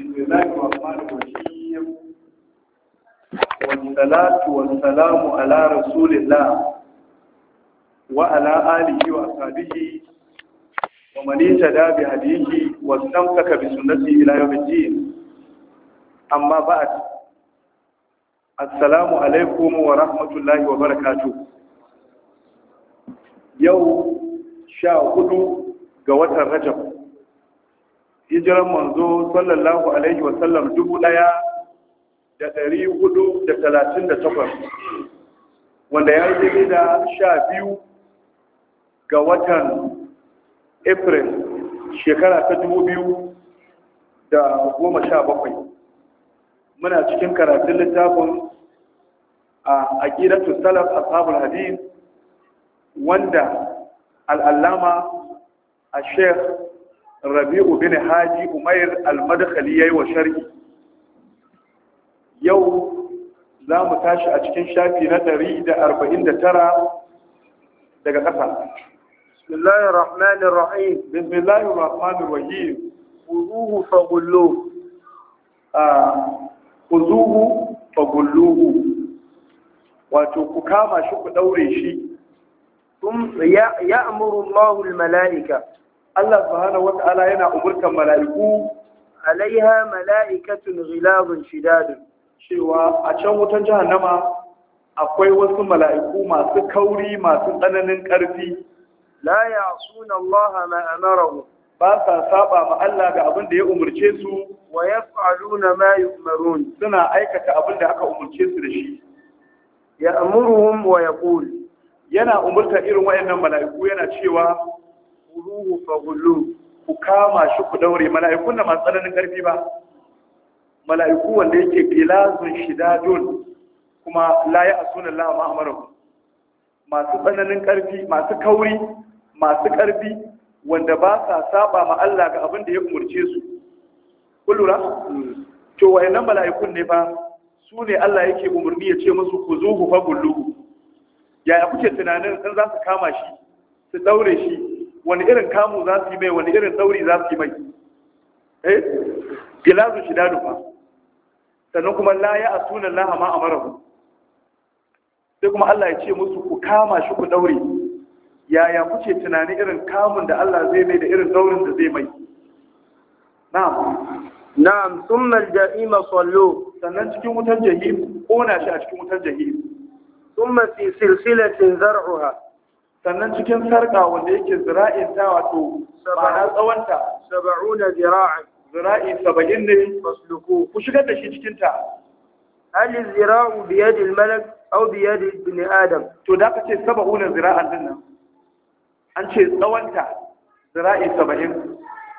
بسم الله الرحمن الرحيم والصلاة والسلام على رسول الله وعلى آله وأصحابه ومن اهتدى بهديه واستمسك بسنته إلى يوم الدين أما بعد السلام عليكم ورحمة الله وبركاته يوم شاء قدو ga watan Rajab hijiran manzo sallallahu alaihi wasallam dubu ɗaya da ɗari hudu da talatin da takwas wanda ya yi da sha biyu ga watan april shekara ta dubu biyu da goma sha bakwai muna cikin karatun littafin a aƙidatu salaf ashabul hadith wanda al'allama a sheikh rabi'u bin haji umair al-madkhali yayi wa sharhi yau za mu tashi a cikin shafi na 149 daga ƙasa bismillahir rahmanir rahim bismillahir rahmanir rahim khuduhu faghulluhu ah khuduhu faghulluhu wato ku kama shi ku daure shi ثم يأمر الله الملائكة Allah subhanahu wata'ala yana umurkan mala'iku alaiha mala'ikatun ghilabun shidadun cewa a can wutan jahannama akwai wasu mala'iku masu kauri masu tsananin karfi la ya'suna Allah ma amarahu ba sa saba ma Allah ga abin da ya umurce su wa yaf'aluna ma yu'marun suna aikata abin da aka umurce su da shi ya'muruhum wa yaqul yana umurta irin wayannan mala'iku yana cewa khuluhu fa ku kama shi ku daure mala'ikun na masu tsananin ƙarfi ba mala'iku wanda yake gilazun don kuma la a asuna Allah ma masu tsananin ƙarfi masu kauri masu ƙarfi, wanda ba sa saba ma Allah ga abin da ya umurce su kullura to wayannan mala'ikun ne ba su ne Allah yake umarni ya ce masu ku zuhu fa gulluhu yaya kuke tunanin in za su kama shi su daure shi wani irin kamu za su yi mai wani irin tsauri za su yi mai eh gilazu shi dadu fa sannan kuma la ya asuna laha ma amarahu sai kuma Allah ya ce musu ku kama shi ku daure yaya kuce tunanin irin kamun da Allah zai mai da irin daurin da zai mai na'am na'am thumma al-jahima sallu sannan cikin wutar jahim kona shi a cikin wutar jahim thumma fi silsilatin zar'uha sannan cikin sarƙa wanda yake zira'in ta wato ma'ana tsawonta saba'una zira'in zira'i saba'in ne fasluku ku shigar da shi cikin ta hal zira'u bi yadi al-malak aw bi yadi ibn adam to da ka ce saba'una zira'an din nan an ce tsawonta zira'i saba'in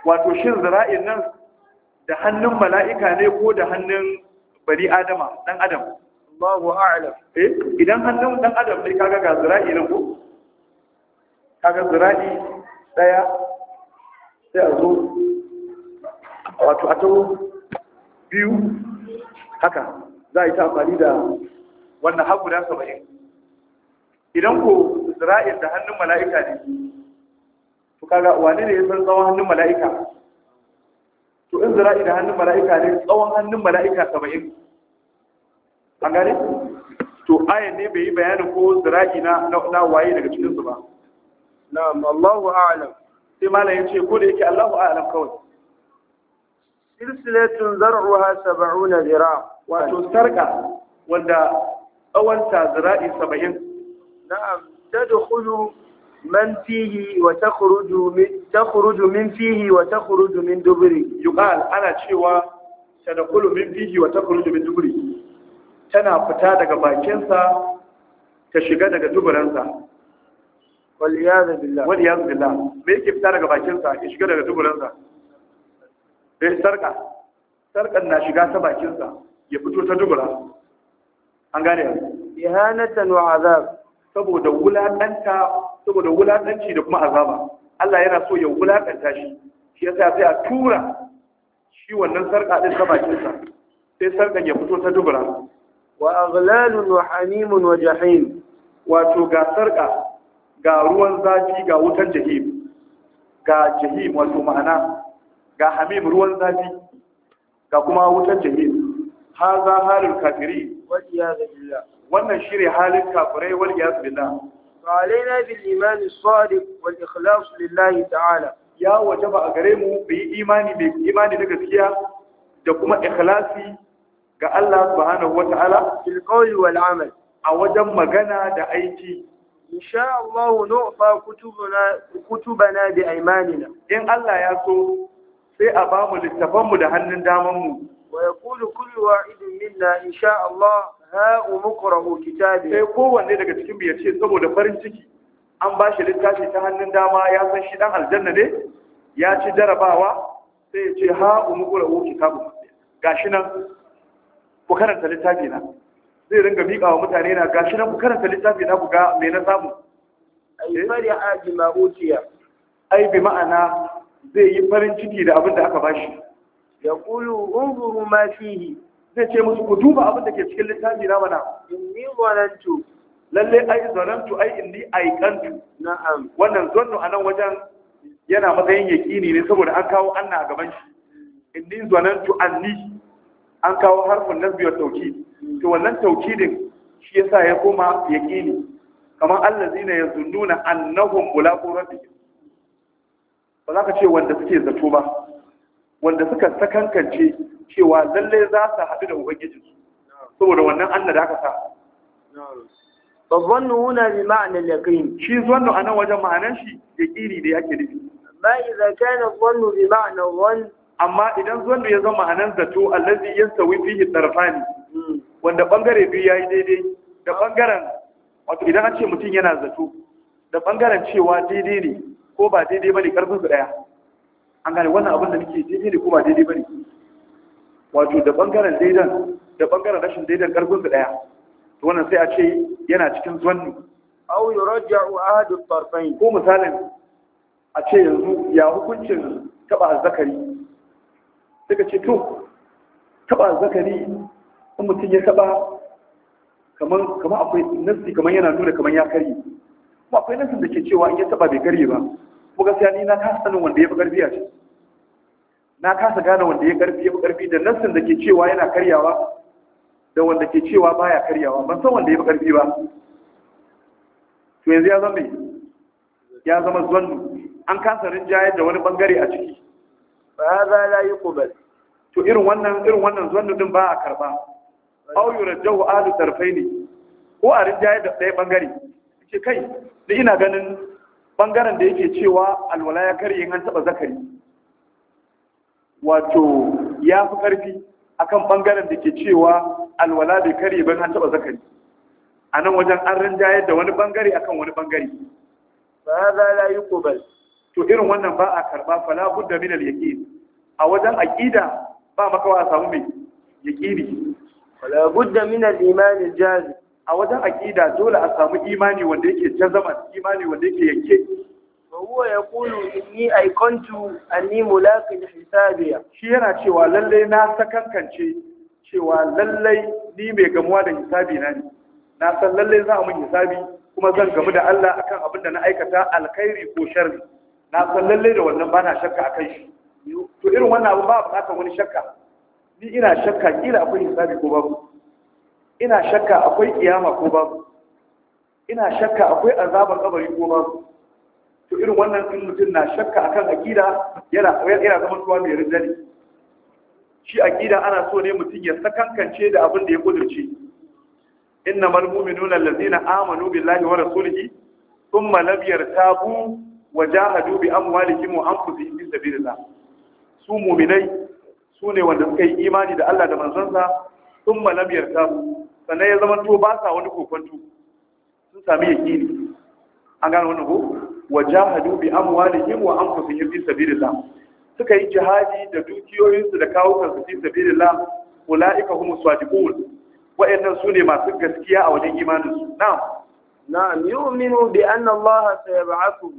wato shin zira'in nan da hannun mala'ika ne ko da hannun bari adama dan adam Allahu a'lam eh idan hannun dan adam ne kaga ga zira'i nan ko kaga zira'i daya sai a zo wato a taho biyu haka za a yi ta amfani da wannan da aka bayan idan ko zira'in da hannun mala'ika ne to kaga wane ne ya san tsawon hannun mala'ika to in zira'i da hannun mala'ika ne tsawon hannun mala'ika saba'in an gane to ayan ne bai yi bayanin ko zira'i na waye daga cikinsu ba na'am Allahu a'lam sai malam yace ko da yake Allahu a'lam kawai silsilatun zar'uha 70 zira wato sarka wanda tsawonta zira'i 70 na'am tadkhulu man fihi wa takhruju min takhruju min fihi wa takhruju min dubri yuqal ana cewa tadkhulu min fihi wa takhruju min dubri tana fita daga bakinsa ta shiga daga duburansa waliyadu billah waliyadu billah me yake fita daga bakin sa ya shiga daga duburan sa eh sarka sarkan na shiga ta bakin sa ya fito ta dubura an gane ya ihanatan wa azab saboda wulakanta saboda wulakanci da kuma azaba Allah yana so ya wulakanta shi shi yasa sai a tura shi wannan sarka din ta bakin sa sai sarkan ya fito ta dubura wa aglalun wa hamimun wa jahim wato ga sarka ga ruwan zafi ga wutar jahim ga jahim wato ma'ana ga hamim ruwan zafi ga kuma wutar jahim haza halin kafiri wannan shi ne halin kafirai wal iyaz billah فعلينا بالإيمان الصادق والإخلاص لله تعالى imani وجب imani بإيماني بإيماني da kuma ikhlasi ga Allah subhanahu wa ta'ala fil qawli wal amal a wajen magana da aiki in sha Allah nu'fa kutubuna kutubana bi aymanina in Allah ya so sai a bamu littafan mu da hannun daman mu wa yaqulu kullu wa'idin na, in sha Allah ha umqra'u kitabi sai kowanne daga cikin mu yace saboda farin ciki an ba shi littafi ta hannun dama ya san shi dan aljanna ne ya ci jarabawa sai ya ce ha umqra'u kitabu gashi nan ku karanta littafi na zai ringa miƙa wa mutane na gashi na ku karanta littafi na ku ga me na samu ai fari aji ma ai bi ma'ana zai yi farin ciki da abin da aka shi. ya kulu unzuru ma fihi zai ce musu ku duba abin da ke cikin littafi na mana inni zalantu lalle ai zalantu ai inni kantu na'am wannan zannu anan wajen yana matsayin yaƙini ne saboda an kawo anna a gaban shi inni zanantu anni an kawo harfin nasbi wa tawkid to wannan taukidin shi yasa ya koma yaqini kamar allazina yazunnuna annahum mulaqu rabbihim ba za ka ce wanda suke zato ba wanda suka sakankance cewa lalle za su haɗu da su, saboda wannan anna da aka sa فظنه هنا بمعنى اليقين Shi ظن انا wajen ma'anar shi yaqini da yake nufi ما kana zannu bi بمعنى الظن Amma idan zannu ya zama ma'anan zato allazi yantawi fihi tarfani hmm. wanda bangare biyu ya yi daidai da bangaren wato idan an ce mutum yana zato da bangaren cewa daidai ne ko ba daidai ba ne karfinsu ɗaya an gane wannan abin da nake daidai ne ko ba daidai ba ne wato da bangaren daidan da bangaren rashin daidan karfinsu ɗaya to wannan sai a ce yana cikin zanni aw yurja'u ahadu tarfain ko misalin a ce yanzu ya hukuncin taba zakari suka ce to taba zakari in mutum ya taba kaman akwai nasi kamar yana nuna kamar ya karye kuma akwai nasi da ke cewa in ya taba bai karye ba ko gaskiya ni na kasa sanin wanda ya fi karfi a ce na kasa gane wanda ya karfi ya fi karfi da nasin da ke cewa yana karyawa da wanda ke cewa baya karyawa ban san wanda ya fi karfi ba to yanzu ya zama ya zama zannu an kasa rinjayar da wani bangare a ciki ba za la yi kubal to irin wannan irin wannan zannu din ba a karba aw yurajjahu ahli tarfaini ko a rinjaye da ɗaya bangare ce kai da ina ganin bangaren da yake cewa alwala ya karye an taba zakari wato ya fi karfi akan bangaren da ke cewa alwala bai karye ban an taba zakari a nan wajen an rinjaye da wani bangare akan wani bangare ba za la yi kubal to irin wannan ba a karba fala budda min al yaqin a wajen aqida ba makawa a samu mai yaqini wala budda min al-iman al-jazim a wajen aqida dole a samu imani wanda yake jazama imani wanda yake yanke huwa yaqulu inni aikontu anni mulaqin hisabiya shi yana cewa lallai na sakankance cewa lallai ni mai gamuwa da hisabi na ne na san lallai za a mun hisabi kuma zan gamu da Allah akan abin da na aikata alkhairi ko sharri na san lallai da wannan bana shakka akan shi to irin wannan abu ba bukatar wani shakka ni ina shakka kila akwai hisabi ko babu ina shakka akwai kiyama ko babu ina shakka akwai azabar kabari ko babu to irin wannan din mutum na shakka akan akida yana yana zama tuwa mai rinjani shi akida ana so ne mutum ya sakankance da abin da ya kudurce mal mu'minuna allazina amanu billahi wa rasulihi thumma lam yartabu wa jahadu bi amwalihim wa anfusihim fi sabilillah su mu'minai su ne wanda suka yi imani da Allah da manzansa sun malamiyar tabu sannan ya zama to ba sa wani kokonto sun sami yakini an gano wannan ko wa jahadu bi amwalihim wa anfusihim fi sabilillah suka yi jihadi da dukiyoyinsu da kawo kansu fi sabilillah ulaika humus sadiqun wa'annan su ne masu gaskiya a wajen imaninsu na'am na'am yu'minu bi anna Allah sayab'athu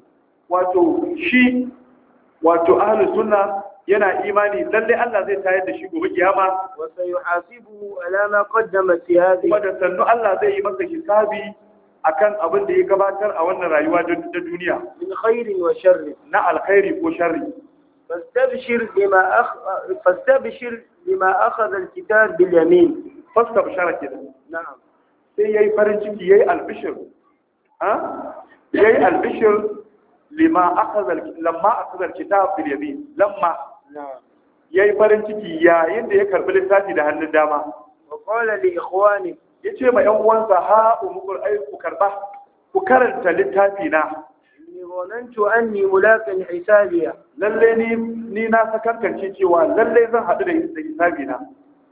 wato shi wato ahlus sunna yana imani lalle Allah zai tayar da shi gobe kiyama wa sayuhasibu ala ma qaddama fi hadhihi kuma da sannu Allah zai yi masa hisabi akan abin da ya gabatar a wannan rayuwa ta duniya min khairi wa sharri na alkhairi ko sharri fastabshir bima akh fastabshir bima akhadha alkitab bil yamin fastabshara kenan na'am sai yayi farin ciki yayi albishir ha yayi albishir lima akhadha lamma akhadha alkitab bil yamin lamma yayi farin ciki yayin da ya karbi littafi da hannun dama wa qala li ikhwani yace ma yan uwansa ha umukul ku karba ku karanta littafi na ni gonantu anni mulaqin hisabiya lalle ni ni na sakarkance cewa lalle zan haɗu da hisabi na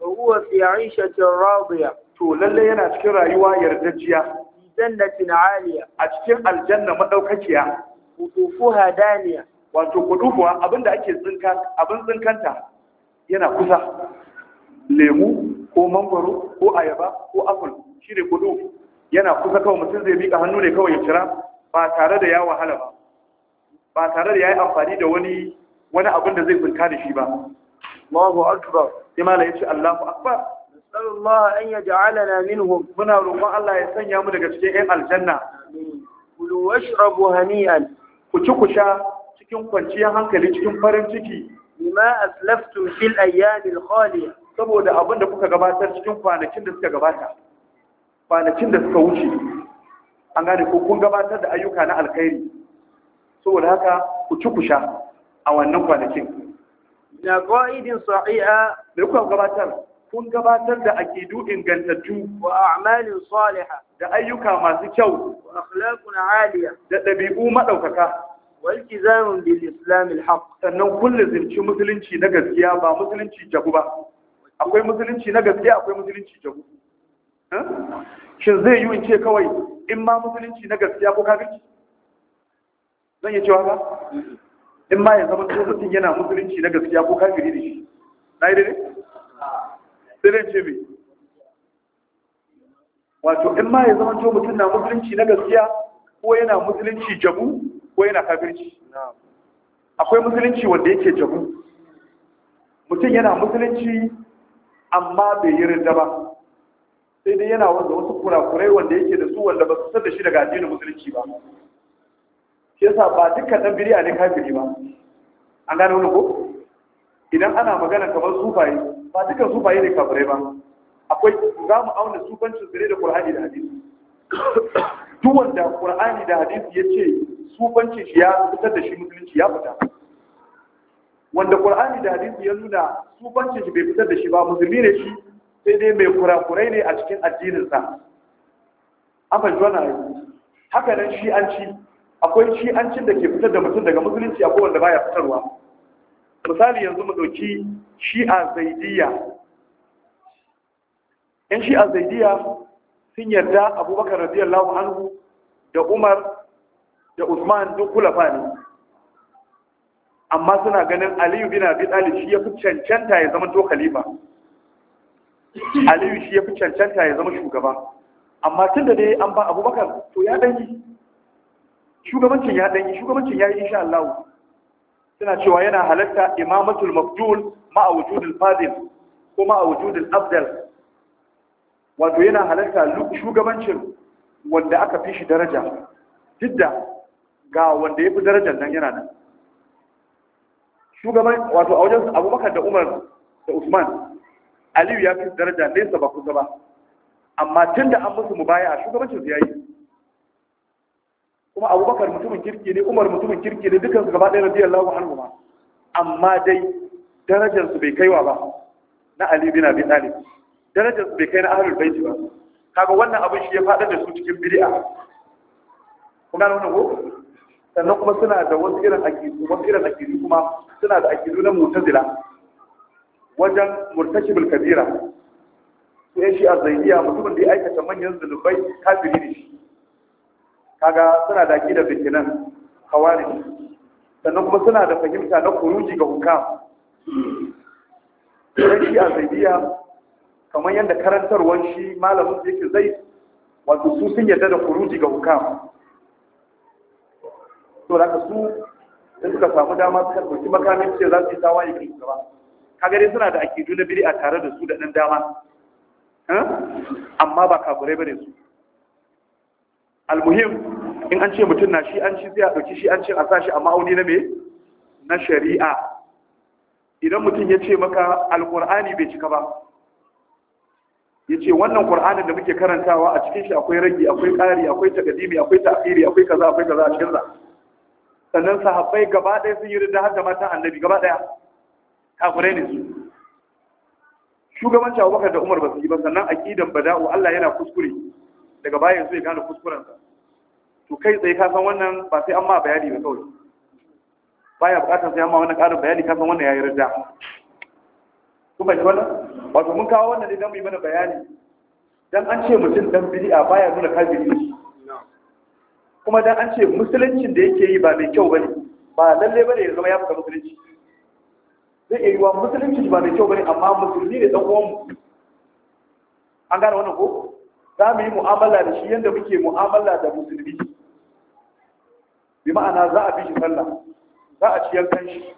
wa huwa fi 'ishatin radiya to lalle yana cikin rayuwa yardajiya jannatin 'aliya a cikin aljanna madaukakiya qutufuha hadaniya wato kudu kuwa abinda ake tsinka abin tsinkanta yana kusa lemu ko mangwaro ko ayaba ko apple shine kudu yana kusa kawai mutum zai miƙa hannu ne kawai ya cira ba tare da ya wahala ba ba tare da ya yi amfani da wani wani abin da zai tsinka da shi ba Allahu akbar sai mala yace Allahu akbar sallallahu an yaj'alana minhum muna roƙon Allah ya sanya mu daga cikin ƴan aljanna kulu washrabu hani'an ku ci ku sha cikin kwanciyar hankali cikin farin ciki bima aslaftum fil ayyamil khaliya saboda abinda kuka gabatar cikin kwanakin da suka gabata kwanakin da suka wuce an gane ko kun gabatar da ayyuka na alkhairi saboda haka ku ci ku sha a wannan kwanakin da qa'idin sahiha da kuka gabatar kun gabatar da akidu ingantattu wa a'malin salihah da ayyuka masu kyau wa akhlaqun 'aliya da dabi'u madaukaka waltizamin bil islam al haqq sannan kullu zirci musulunci na gaskiya ba musulunci jabu ba akwai musulunci na gaskiya akwai musulunci jabu shin zai yi in ce kawai in ma musulunci na gaskiya ko kafirci zan yi cewa ba in ma ya zama ko mutum yana musulunci na gaskiya ko kafiri da shi na yi dai sai dai ce bai wato in ma ya zama to mutum na musulunci na gaskiya ko yana musulunci jabu ko yana kafirci akwai musulunci wanda yake jabu mutum yana musulunci amma bai yi rinda ba sai dai yana wanda wasu kurakurai wanda yake da su wanda ba su san da shi daga addinin musulunci ba shi yasa ba dukkan dan biriya ne kafiri ba an gane wani ko idan ana magana kamar sufaye ba dukkan sufaye ne kafirai ba akwai za mu auna sufancin su da kurhani da hadisi duk wanda ƙura'ani da hadisi ce sufanci shi ya fitar da shi musulunci ya fita wanda ƙura'ani da hadisi ya nuna sufanci shi bai fitar da shi ba musulmi ne shi sai dai mai kurakurai ne a cikin addininsa. sa an fahimci wannan haka nan shi an ci akwai shi an cin da ke fitar da mutum daga musulunci akwai wanda baya fitarwa misali yanzu mu ɗauki shi'a zaidiyya yan shi'a zaidiyya sun yarda abubakar radiyallahu anhu da umar da usman duk kulafa ne amma suna ganin aliyu bin abi talib shi ya fi cancanta ya zama to khalifa aliyu shi ya fi cancanta ya zama shugaba amma tun da dai an ba abubakar to ya danyi shugabancin ya danyi shugabancin ya yi insha Allah suna cewa yana halatta imamatul mafdul ma'a wujudul fadil ko ma'a wujudul abdal wato yana halarta shugabancin wanda aka fi shi daraja didda ga wanda ya fi darajar nan yana nan shugaban wato a wajen abubakar da umar da usman aliyu ya fi daraja nesa ba kusa ba amma tun da an musu mu baya a shugabancin su ya yi kuma abubakar mutumin kirki ne umar mutumin kirki ne dukansu gaba ɗaya lagun hannu ma amma dai darajarsu bai kaiwa ba na aliyu bin abi talib darajar bai kai na ahlul baiti ba kaga wannan abin shi ya faɗa da su cikin bid'a kuma na wannan ko sannan kuma suna da wasu irin akidu wasu irin akidu kuma suna da akidu na mutazila wajen murtakibul kabira su yan shi'a zaidiya mutumin da ya aikata manyan zunubai kafiri ne shi kaga suna da akidar da ke nan kawari sannan kuma suna da fahimta na kuruji ga hukam shi a zaidiya kamar yadda karantarwar shi malamin da yake zai wato su sun yadda da kuruji ga hukam to da ka su in suka samu dama suka ɗauki makamin ce za su yi tawaye kan shugaba kaga dai suna da akidu na biri a tare da su da ɗan dama amma ba kafirai bane su almuhim in an ce mutum na shi an ci zai a ɗauki shi an ce a sa a ma'auni na me na shari'a idan mutum ya ce maka alkur'ani bai cika ba yace wannan qur'anin da muke karantawa a cikin shi akwai ragi akwai ƙari akwai takadimi akwai ta'khiri akwai kaza akwai kaza a cikin sa sannan sahabbai gaba ɗaya sun yi ridda har da matan annabi gaba ɗaya kafirai ne su shugabanci Abubakar da Umar ba su yi ba sannan aqidan bada'u Allah yana kuskure daga bayan su ya gane kuskuren sa to kai tsaye ka san wannan ba sai an ma bayani ba kawai baya bukatar sai an ma wannan ƙarin bayani ka san wannan yayi ridda Kuma fahimci wannan wato mun kawo wannan ne don yi mana bayani dan an ce mutum dan a baya nuna kafiri kuma dan an ce musuluncin da yake yi ba mai kyau bane ba lalle bane ya zama ya fita musulunci zai iya yiwa musulunci ba mai kyau bane amma musulmi ne dan uwanmu an gane wannan ko za mu yi mu'amala da shi yadda muke mu'amala da musulmi bi ma'ana za a bi shi sallah za a ciyar kan shi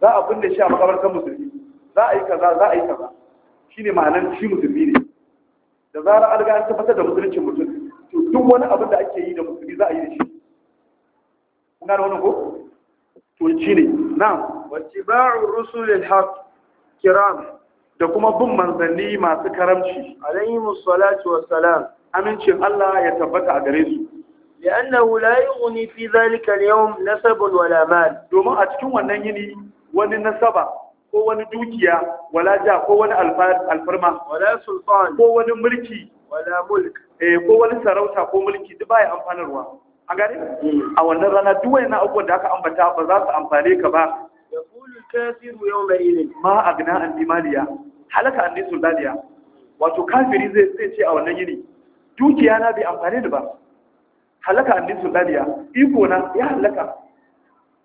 za a binne shi a makabartar musulmi za a yi kaza za a yi kaza shine ma'anar shi musulmi ne da zarar an ga an tabbatar da musuluncin mutum to duk wani abin da ake yi da musulmi za a yi da shi kuna da wani ko to shi ne na'am wattiba'u rusulil haq kiram da kuma bin manzanni masu karamci alaihimus salatu wassalam amincin Allah ya tabbata a gare su لأنه لا يغني في ذلك اليوم نسب ولا مال دوما أتكون ونيني وننسبة ko wani dukiya wala ja ko wani alfarma wala sultani. ko wani mulki wala mulk eh ko wani sarauta ko mulki duk bai amfanarwa an gane hmm. a wannan rana duk wani abubuwan da aka ambata ba za su amfane ka ba yaqulu kafiru yawma idin ma agna an dimaliya halaka an sultaniya wato kafiri zai zai ce a wannan yini dukiya na bai amfane da ba halaka an sultaniya iko na ya halaka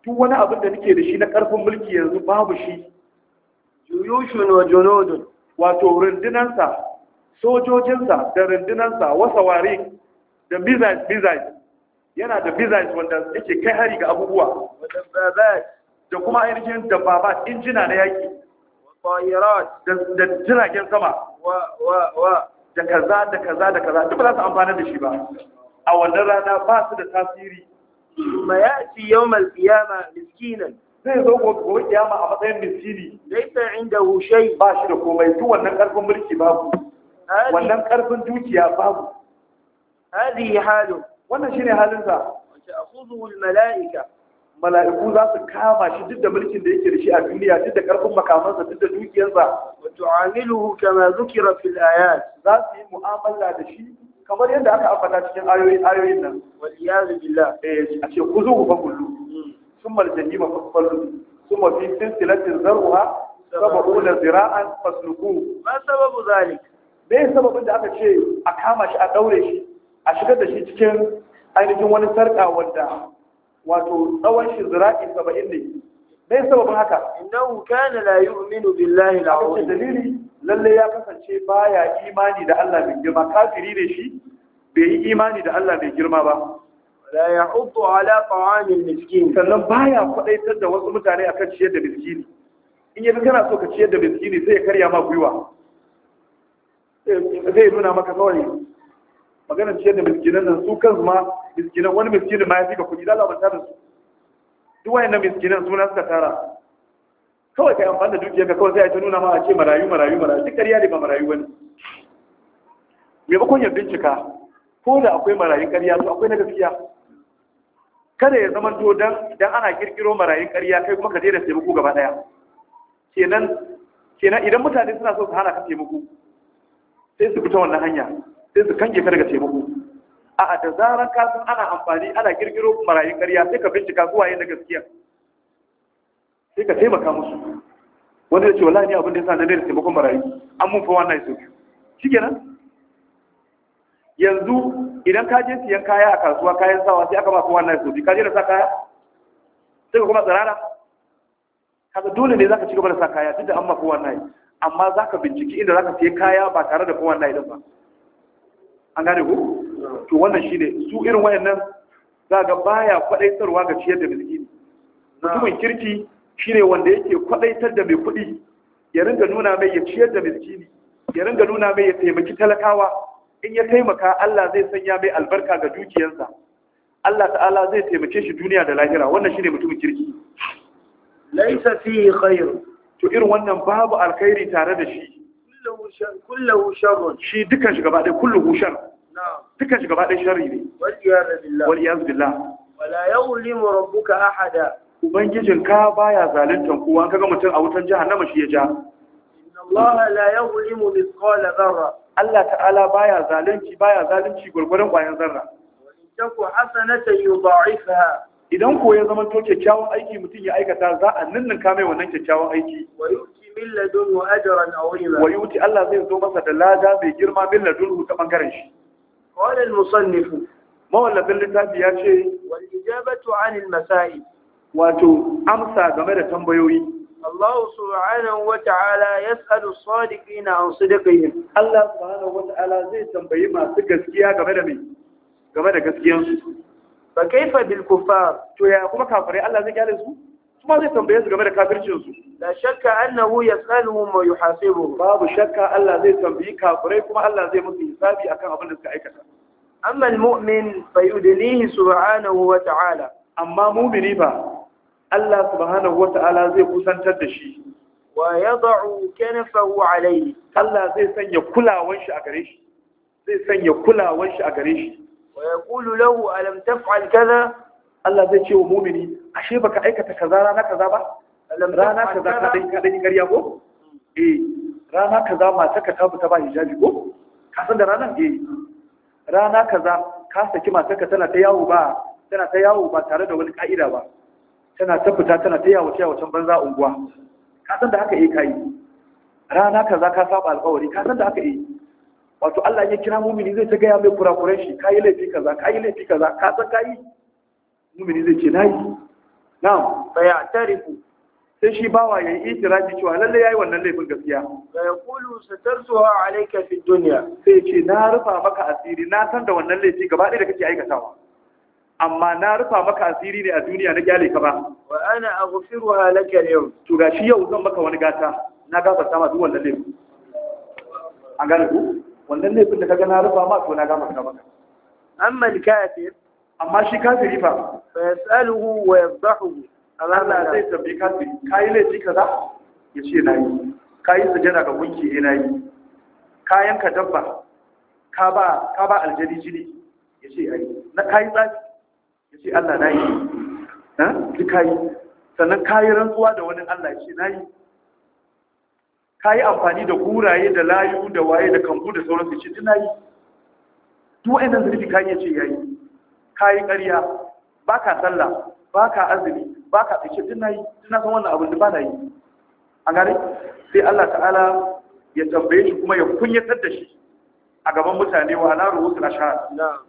duk wani abin da nake da shi na karfin mulki yanzu babu shi juyushun wa junudun wato rundunansa sojojinsa da rundunansa wasa ware da bizaj yana da bizaj wanda yake kai hari ga abubuwa da kuma ainihin baba injina na yaki da jiragen sama da kaza da kaza da kaza duk ba za su amfana da shi ba a wannan rana ba su da tasiri ma ya ci yau miskinan zai zo gobe kiyama a matsayin misiri laisa indahu shay ba shi da komai to wannan karfin mulki babu wannan karfin dukiya babu hadi halu wannan shine halin sa ta'khudhu al-mala'ika mala'iku za su kama shi duk da mulkin da yake da shi a duniya duk da karfin makamansa duk da dukiyarsa wa tu'amiluhu kama zukira fil ayat za su yi mu'amala da shi kamar yadda aka ambata cikin ayoyin ayoyin nan wal iyad billah eh a ce ku zo fa kullu ثم الجحيم فاصلوا ثم في سلسلة ذرعها سبعون ذراعا فاسلكوه ما سبب ذلك me sababin da aka ce a kama shi a daure shi a shigar da shi cikin ainihin wani sarka wanda wato tsawon shi zira'i saba'in ne me sababin haka innahu kana la yu'minu billahi al-azim dalili Lallai ya kasance baya imani da Allah mai girma kafiri ne shi bai yi imani da Allah mai girma ba la ya'uddu ala ta'amil miskin sannan baya kwadaitar da wasu mutane akan ciyar da miskini in yanzu kana so ka ciyar da miskini sai ya karya ma gwiwa zai nuna maka kawai maganar ciyar da miskinan nan su kan ma miskinan wani miskinin ma ya fi ka kuɗi za a da su duk wayannan miskinan suna suka tara kawai ka yi amfani da dukiyar ka kawai sai a ta nuna ma a ce marayu marayu marayu duk ƙarya ne ba marayu wani maimakon ya bincika ko da akwai marayun ƙarya to akwai na gaskiya kada ya zama to dan dan ana kirkiro marayin ƙarya kai kuma ka daina taimako gaba daya kenan kenan idan mutane suna so su hana ka taimako sai su fita wannan hanya sai su kange ka daga taimako a da zaran ka san ana amfani ana kirkiro marayin ƙarya sai ka bincika ko yin na gaskiya sai ka taimaka musu wanda ya ce wallahi abin da ya sa na daina taimakon marayu an mun fa wannan ya sauki shikenan yanzu idan ka je siyan kaya a kasuwa kayan sawa sai aka ba ku wannan soji ka je da sa kaya sai ka kuma tsirara kaga dole ne zaka ci gaba da sa kaya duk da an ma kowa na amma zaka binciki inda zaka siya kaya ba tare da ku wannan din ba an gane ku to wannan shine su irin wayannan zaka baya kwadai sarwa ga ciyar da miskini mutumin kirki shine wanda yake kwadaitar da mai kuɗi ya ringa nuna mai ya ciyar da miskini ya ringa nuna mai ya taimaki talakawa in ya taimaka Allah zai sanya mai albarka ga dukiyarsa Allah ta'ala zai taimake shi duniya da lahira wannan shine mutumin kirki laisa fihi khair to irin wannan babu alkhairi tare da shi kullu shar kullu shar shi dukan shi gaba ɗaya kullu shar dukan shi gaba ɗaya sharri ne wal iyaz billah wala yuzlimu rabbuka ahada ubangijinka baya zaluntan kowa kaga mutum a wutan jahannama shi ya ja inna allaha la yuzlimu mithqala dharra Allah ta'ala baya zalunci baya zalunci gurgurun ƙwayan zarra taku hasanata yudha'ifha idan ko ya zama to kyakkyawan aiki mutum ya aikata za a ninninka mai wannan kyakkyawan aiki wa yuti min Allah zai zo masa da lada mai girma min ladunhu ta bangaren shi qala al-musannif mawallafin littafi ya ce wal ijabatu 'anil masa'ib wato amsa game da tambayoyi الله سبحانه وتعالى يسأل الصادقين عن صدقهم الله سبحانه وتعالى زي تنبيه ما سكسكيا game da me game da gaskiyan su kaifa bil kuffar to kuma kafirai Allah zai kyale su kuma zai tambaye su game da kafircin su la shakka annahu yas'aluhum wa yuhasibuhum babu shakka Allah zai tambayi kafirai kuma Allah zai musu hisabi akan abin da suka aikata amma al mu'min fa yudlihi amma mu'mini fa Allah subhanahu wata'ala zai kusantar da shi wa yad'u kanafahu alayhi Allah zai sanya kulawan shi a gare shi zai sanya kulawan shi a gare shi wa yaqulu lahu alam taf'al kaza Allah zai ce wa mumini ashe baka aikata kaza rana kaza ba rana kaza ka dai ka dai kariya ko mm. eh rana kaza mata ka ta fita ba hijabi ko ka san da ranan eh rana kaza ka saki mata ka tana ta yawo ba tana ta yawo ba tare da wani ka'ida ba tana tabbata tana ta yawo ta wacan banza unguwa ka san da haka eh kai rana kaza ka saba alƙawari ka san da haka eh wato Allah ya kira mumini zai ta gaya mai kurakuran shi kayi laifi kaza kayi laifi kaza ka san kayi mumini zai ce nayi na'am fa ya tarifu sai shi bawa ya yi itirafi cewa lalle yayi wannan laifin gaskiya ya yaqulu satarsuha alayka fi dunya sai ce na rufa maka asiri na san da wannan laifi gaba ɗaya da kake aikatawa amma na rufa maka asiri ne a duniya na gyale ka ba wa ana aghfiruha laka yau to gashi yau zan maka wani gata na gaba sama duk wannan laifin an gane ku wannan laifin da kaga na rufa ma to na gafarta maka amma al-kafir amma shi kafiri fa fa yasaluhu wa yafdahu Allah sai tabbi kafiri kai laifi kaza ya ce na yi ka yi sujada ga gunki Ina eh, yi. Kayan ka dabba ka ba aljani jini ya ce ai na ka yi ce Allah na yi na ji kayi sannan kayi rantsuwa da wani Allah ya ce na yi kayi amfani da guraye da layu da waye da kambu da sauran su ce duk na yi duk wa'annan zunubi kayi ya ce ya yi kayi ƙarya ba ka sallah ba ka azumi ba ka tsaye duk na yi duk na san wannan abin da ba na yi a gare sai Allah ta'ala ya tambaye shi kuma ya kunyatar da shi a gaban mutane wa ala ruhusul ashhad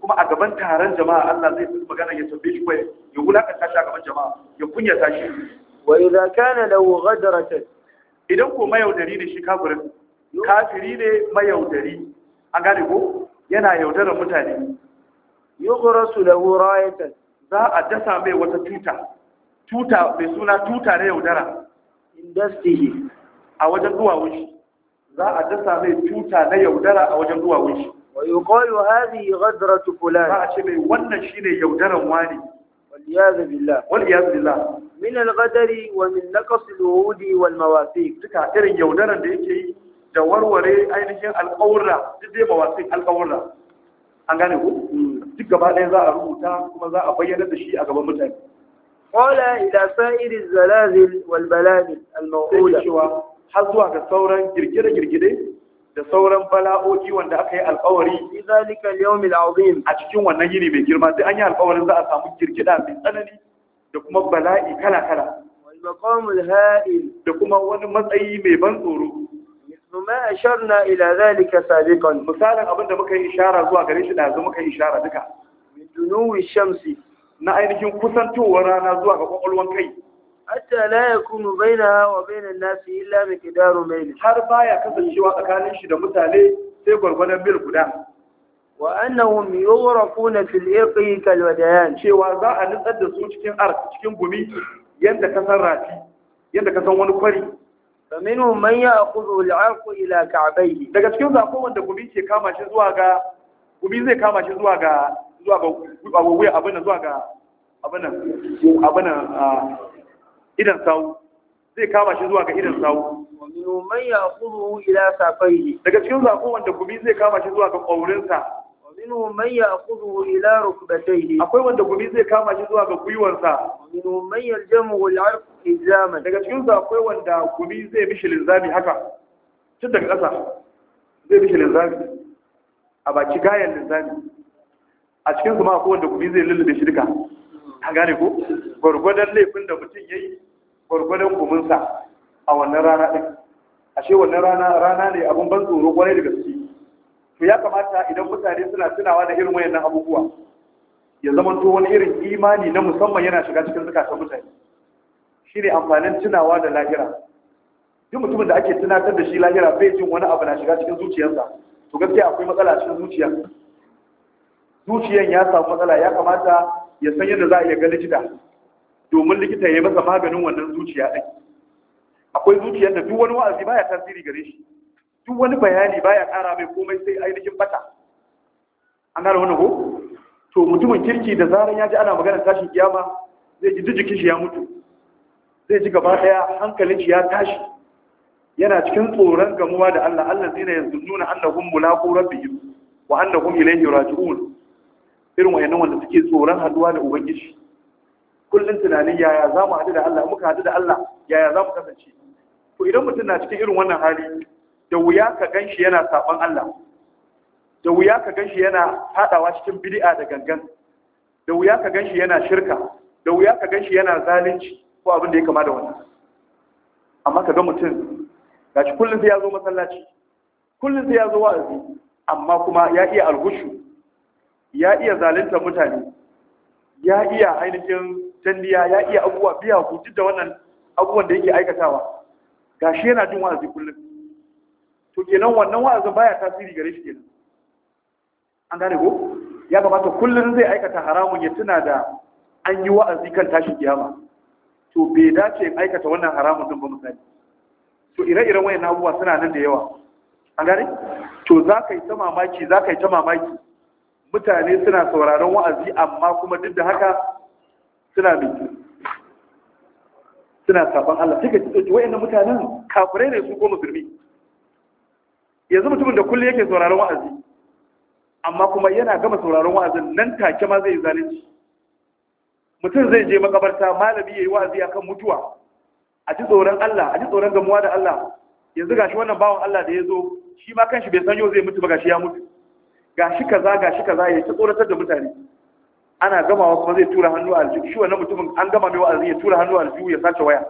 kuma a gaban taron jama'a Allah zai fi magana ya tambaye shi kwaye ya wulakanta shi a gaban jama'a ya kunyata shi wa idza kana lahu ghadratan idan ko mayaudari ne shi kafirin kafiri ne mayaudari an gane ko yana yaudarar mutane yughrasu lahu rayatan za a dasa mai wata tuta tuta mai suna tuta na yaudara indastihi a wajen duwawun shi za a dasa mai tuta na yaudara a wajen duwawun shi wa yuqalu hadhihi ghadratu fulan za a ce wannan shine yaudaran wani والعياذ بالله والعياذ بالله من الغدر ومن نقص الوعود والمواثيق duka irin yaudaran da yake yi da warware ainihin alƙawurra duk dai mawasiq an gane ku hmm. duk gaba ɗaya za a rubuta kuma za a bayyana da shi a gaban mutane qala har zuwa ga sauran girgide girgire da sauran bala'o'i wanda aka yi alkawari fi a cikin wannan yini mai girma sai an yi alkawarin za a samu girgida mai tsanani da kuma bala'i kala-kala wal maqamul da kuma wani matsayi mai ban tsoro mislu ma asharna ila zalika sabiqan misalan abinda muka yi ishara zuwa gare shi da muka yi ishara duka min dunuwi shamsi na ainihin kusantowar rana zuwa ga kwakwalwan kai hatta la yakunu bainaha wa bainan nasi illa miqdaru mayl har baya kasancewa tsakanin shi da mutane sai gwargwadon mil guda wa annahum yughraquna fil irqi kal wadayan cewa za a nutsar da su cikin ark cikin gumi yanda ka san rafi yanda ka san wani kwari faminhum man ya'khudhu al-'arq ila ka'bayhi daga cikin zako wanda gumi ke kama shi zuwa ga gumi zai kama shi zuwa ga zuwa ga abin nan zuwa ga abin nan abin nan ah, idan sawu zai kama shi zuwa ga idan sawu ya ya'khudhu ila safai daga cikin zakon wanda gumi zai kama shi zuwa ga kaurinsa mai ya kudu ila rukbatai akwai wanda gumi zai kama shi zuwa ga gwiwarsa minhum mai yaljamu al-'arq ilzaman daga cikin akwai wanda gumi zai mishi linzami haka tun daga ƙasa zai mishi linzami a baki gayan linzami a cikin kuma akwai wanda gumi zai lullube shi duka ta gane ko gwargwadon laifin da mutum yayi gwargwadon guminsa a wannan rana ɗin ashe wannan rana rana ne abin ban tsoro kwarai da gaske to ya kamata idan mutane suna tunawa da irin wayannan abubuwa ya to wani irin imani na musamman yana shiga cikin zukatan mutane shi ne amfanin tunawa da lahira duk mutumin da ake tunatar da shi lahira bai jin wani abu na shiga cikin zuciyarsa to gaskiya akwai matsala a cikin zuciya zuciyan ya samu matsala ya kamata ya san yadda za a iya ga likita domin likita ya yi masa maganin wannan zuciya ɗin akwai zuciyar da duk wani wa'azi baya tasiri gare shi duk wani bayani baya ƙara mai komai sai ainihin bata an gane wani ko to mutumin kirki da zaran ya ji ana maganar tashin kiyama zai ji duk jikin shi ya mutu zai ji gaba ɗaya hankalin shi ya tashi yana cikin tsoron gamuwa da Allah Allah zai yanzu nuna annahum mulaqu rabbihim wa annahum ilayhi raji'un irin wayannan wanda suke tsoron haduwa da ubangiji kullum tunanin yaya za mu haɗu da Allah muka haɗu da Allah yaya za mu kasance to idan mutum na cikin irin wannan hali da wuya ka gan shi yana saban Allah da wuya ka gan shi yana faɗawa cikin bid'a da gangan da wuya ka gan shi yana shirka da wuya ka gan shi yana zalunci ko abin da ya kama da wannan amma ka ga mutum gashi kullum sai ya zo masallaci kullum sai ya zo wa'azi amma kuma ya iya alhushu ya iya zalunta mutane ya iya ainihin danniya ya iya abubuwa biya ku duk da wannan abubuwan da yake aikatawa gashi yana jin wa'azi kullum to kenan wannan wa'azin baya tasiri gare shi kenan an gane ko ya kamata kullum zai aikata haramun ya tuna da an yi wa'azi kan tashin kiyama to bai dace in aikata wannan haramun din ba misali to ire-iren wayannan abubuwa suna nan da yawa an gane to za ka yi ta mamaki za ka yi ta mamaki mutane suna sauraron wa'azi amma kuma duk da haka suna mai suna saban Allah sai ka ji tsoci wayannan mutanen kafirai ne su ko musulmi yanzu mutumin da kullum yake sauraron wa'azi amma kuma yana gama sauraron wa'azin nan take ma zai zalunci mutum zai je makabarta malami yayi wa'azi akan mutuwa a ji tsoron Allah a ji tsoron gamuwa da Allah yanzu gashi wannan bawan Allah da ya zo shi ma kanshi bai san yau zai mutu ba gashi ya mutu gashi kaza gashi kaza ya ci tsoratar da mutane ana gamawa kuma zai tura hannu aljihu shi wannan mutumin an gama mai wa'azi ya tura hannu aljihu ya sace waya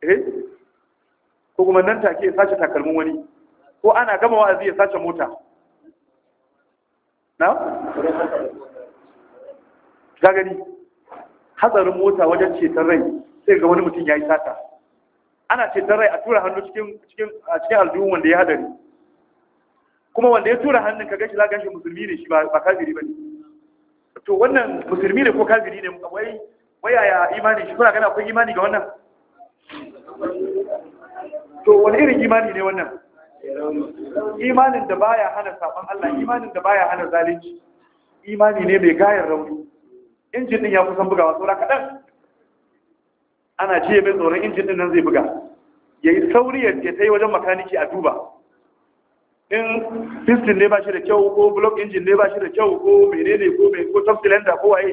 eh ko kuma nan take ya sace takalmin wani ko ana gama wa'azi ya sace mota na ga gani hatsarin mota wajen ceton rai sai ga wani mutum ya yi sata ana ceton rai a tura hannu cikin cikin a cikin aljihu wanda ya hadari kuma wanda ya tura hannun ka gashi za gashi musulmi ne shi ba kafiri ba ne to wannan musulmi ne ko kafiri ne wai wai yaya imani shi kuna gana akwai imani ga wannan to wani irin imani ne wannan imanin da baya hana sabon Allah imanin da baya hana zalunci imani ne mai gayar rauni injin din ya kusan bugawa saura kaɗan ana ce mai tsoron injin din nan zai buga ya yi sauri ya ta yi wajen makaniki a duba in piston ne ba shi da kyau ko block engine ne ba shi da kyau ko menene ko mai ko top cylinder ko waye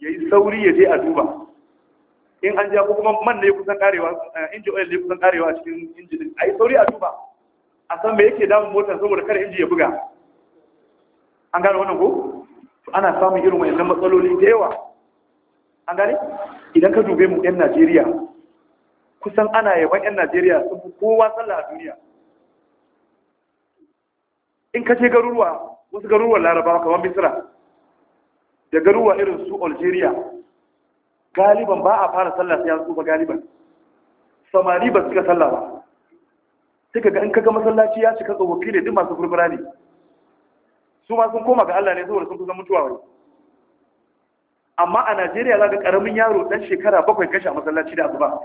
yayi sauri ya je a duba in an ja ko kuma man ne kusan karewa eh, engine oil ne kusan karewa cikin engine A ai sauri a duba a san me yake damun motar saboda kar inji ya buga an gane wannan ko ana samun irin wayannan matsaloli da yawa an gane idan ka dube mu yan Najeriya kusan ana yaban yan Najeriya sun fi kowa sallah a duniya in ka ce garuruwa wasu garuruwan larabawa kamar misira da garuruwa irin su algeria galiban ba a fara sallah sai an tsufa galiban samari ba suka sallah ba sai ka ga in kaga masallaci ya cika tsofaffi ne duk masu furfura ne su ma sun koma ga Allah ne saboda sun kusan mutuwa wai amma a Najeriya za ka karamin yaro dan shekara bakwai a masallaci da